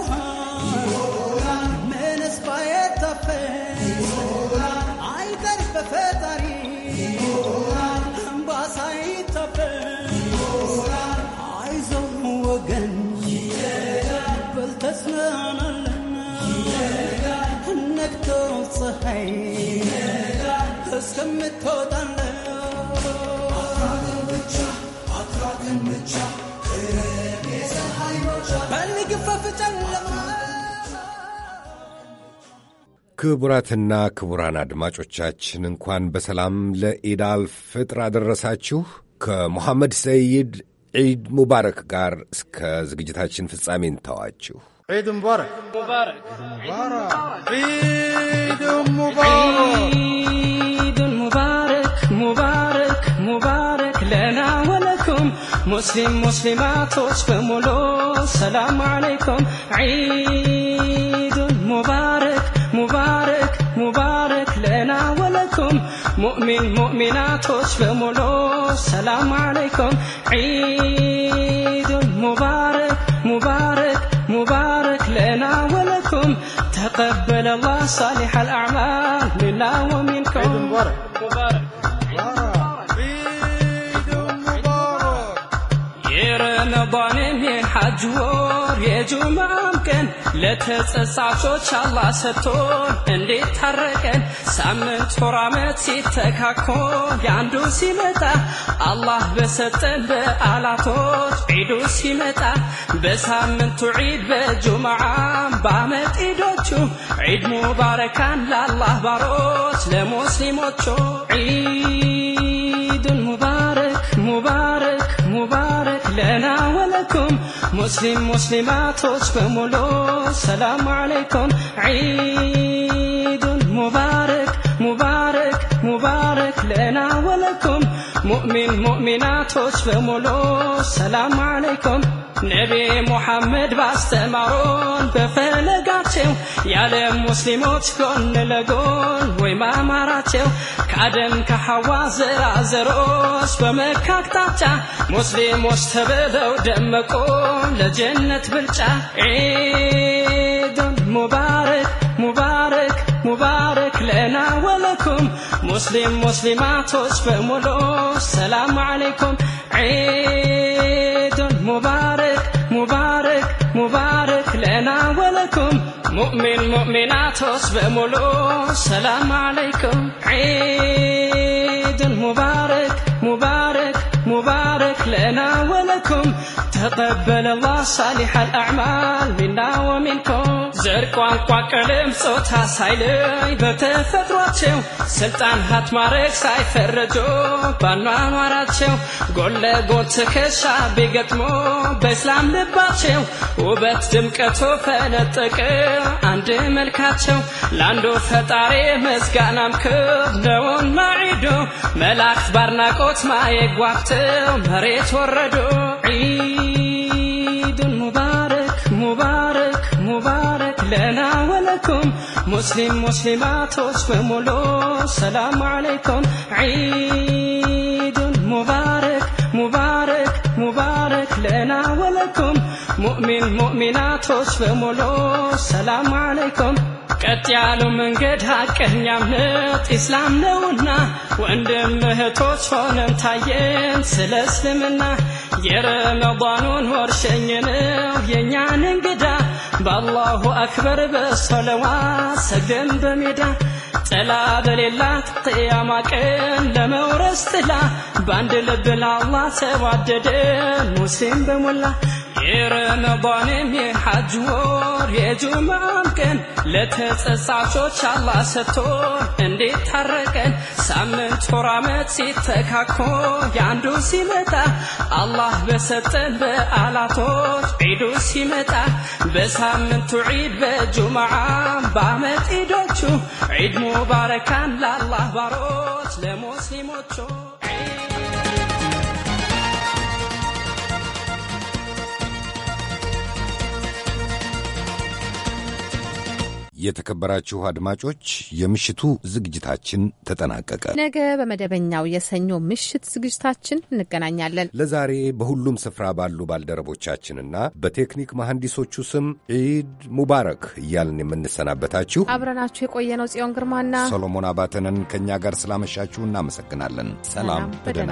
ክቡራትና ክቡራን አድማጮቻችን እንኳን በሰላም ለኢዳል ፍጥር አደረሳችሁ። ከሙሐመድ ሰይድ ዒድ ሙባረክ ጋር እስከ ዝግጅታችን ፍጻሜ እንተዋችሁ። ዒድ ሙባረክ! ዒድ ሙባረክ! ዒድ ሙባረክ! مسلم مسلماتوች በሙሉ سلام عليكم عيد مبارك مبارك مبارك لنا ولكم مؤمن مؤمناتوች በሙሉ سلام عليكم عيد مبارك مبارك مبارك لنا ولكم تقبل الله صالح الأعمال لله ሐጅ ወር የጁማም ቀን ለተጸጻቾች አላህ ሰጥቶን እንዴት ታረቀን ሳምንት ወር አመት ሲተካኮ ያንዱ ሲመጣ አላህ በሰጠን በዓላቶች ዒዱ ሲመጣ በሳምንቱ ዒድ በጁማዓም በዓመት ዒዶቹ ዒድ ሙባረካን ለአላህ ባሮች ለሙስሊሞቹ ዒዱን ሙባረክ ሙባረክ ሙባረክ ለና ወለኩም مسلم مسلمات በሙሉ سلام عليكم عيد مبارك مبارك مبارك لنا ولكم ሙእሚን ሙእሚናቶች በሙሉ ሰላም አለይኩም ነቢ ሙሐመድ ባስተማሩን በፈለጋቸው የዓለም ሙስሊሞች ጎን ለጎን ወይ ማማራቸው ከአደም ከሐዋ ዘራዘሮች በመካ ሙስሊሞች ተብለው ደመቁ ለጀነት ብልጫ ዒዱን ሙባረክ ሙባረክ ሙባረክ ለና ወለኩም مسلم مسلماتوس بأمولو السلام عليكم عيد مبارك مبارك مبارك لنا ولكم مؤمن مؤمناتوس بأمولو السلام عليكم عيد مبارك مبارك مبارك لنا ولكم تقبل الله صالح الأعمال منا ومنكم ዘር፣ ቋንቋ፣ ቀለም፣ ጾታ ሳይለይ በተፈጥሯቸው ስልጣን ሀት ማረግ ሳይፈረጆ ባኗኗራቸው ጎን ለጎን ትከሻ ቢገጥሞ በእስላም ልባቸው ውበት ድምቀቶ ፈነጠቀ አንድ መልካቸው ላንዶ ፈጣሪ መስጋናም ክብ ነውና ዒዶ መላእክት ባድናቆት ማየጓግተው መሬት ወረዶ ዒድ ሙስሊም ሙስሊማቶች በሙሉ ሰላም አለይኩም ዒዱን ሙባረክ ሙባረክ ሙባረክ ለና ወለኩም ሙእሚን ሙእሚናቶች በሙሉ ሰላም አለይኩም ቀጥ ያለው መንገድ ሀቀኛ እምነት ኢስላም ነውና ወንድም እህቶች ሆነን ታየን ስለ እስልምና የረመዳኑን ወርሸኝ ነው የእኛን እንግዳ በአላሁ አክበር በሰለዋ ሰግደን በሜዳ ጥላ በሌላት ቅያማ ቀን ለመውረስ ጥላ በአንድ ልብ ለአላህ ተዋደደ ሙስሊም በሞላ የረመዳንም የሐጅ ወር የጁማም ቀን ለተጸጻቾች አላህ ሰጥቶን እንዴት ታረቀን። ሳምንት ወር አመት ሲተካኮ ያንዱ ሲመጣ አላህ በሰጠን በዓላቶች ዒዱ ሲመጣ በሳምንቱ ዒድ በጁማዓም በአመት ዒዶቹ ዒድ ሙባረካን ላላህ ባሮች ለሙስሊሞቹ የተከበራችሁ አድማጮች የምሽቱ ዝግጅታችን ተጠናቀቀ። ነገ በመደበኛው የሰኞ ምሽት ዝግጅታችን እንገናኛለን። ለዛሬ በሁሉም ስፍራ ባሉ ባልደረቦቻችንና በቴክኒክ መሐንዲሶቹ ስም ዒድ ሙባረክ እያልን የምንሰናበታችሁ አብረናችሁ የቆየነው ጽዮን ግርማና ሰሎሞን አባተንን ከእኛ ጋር ስላመሻችሁ እናመሰግናለን። ሰላም፣ በደህና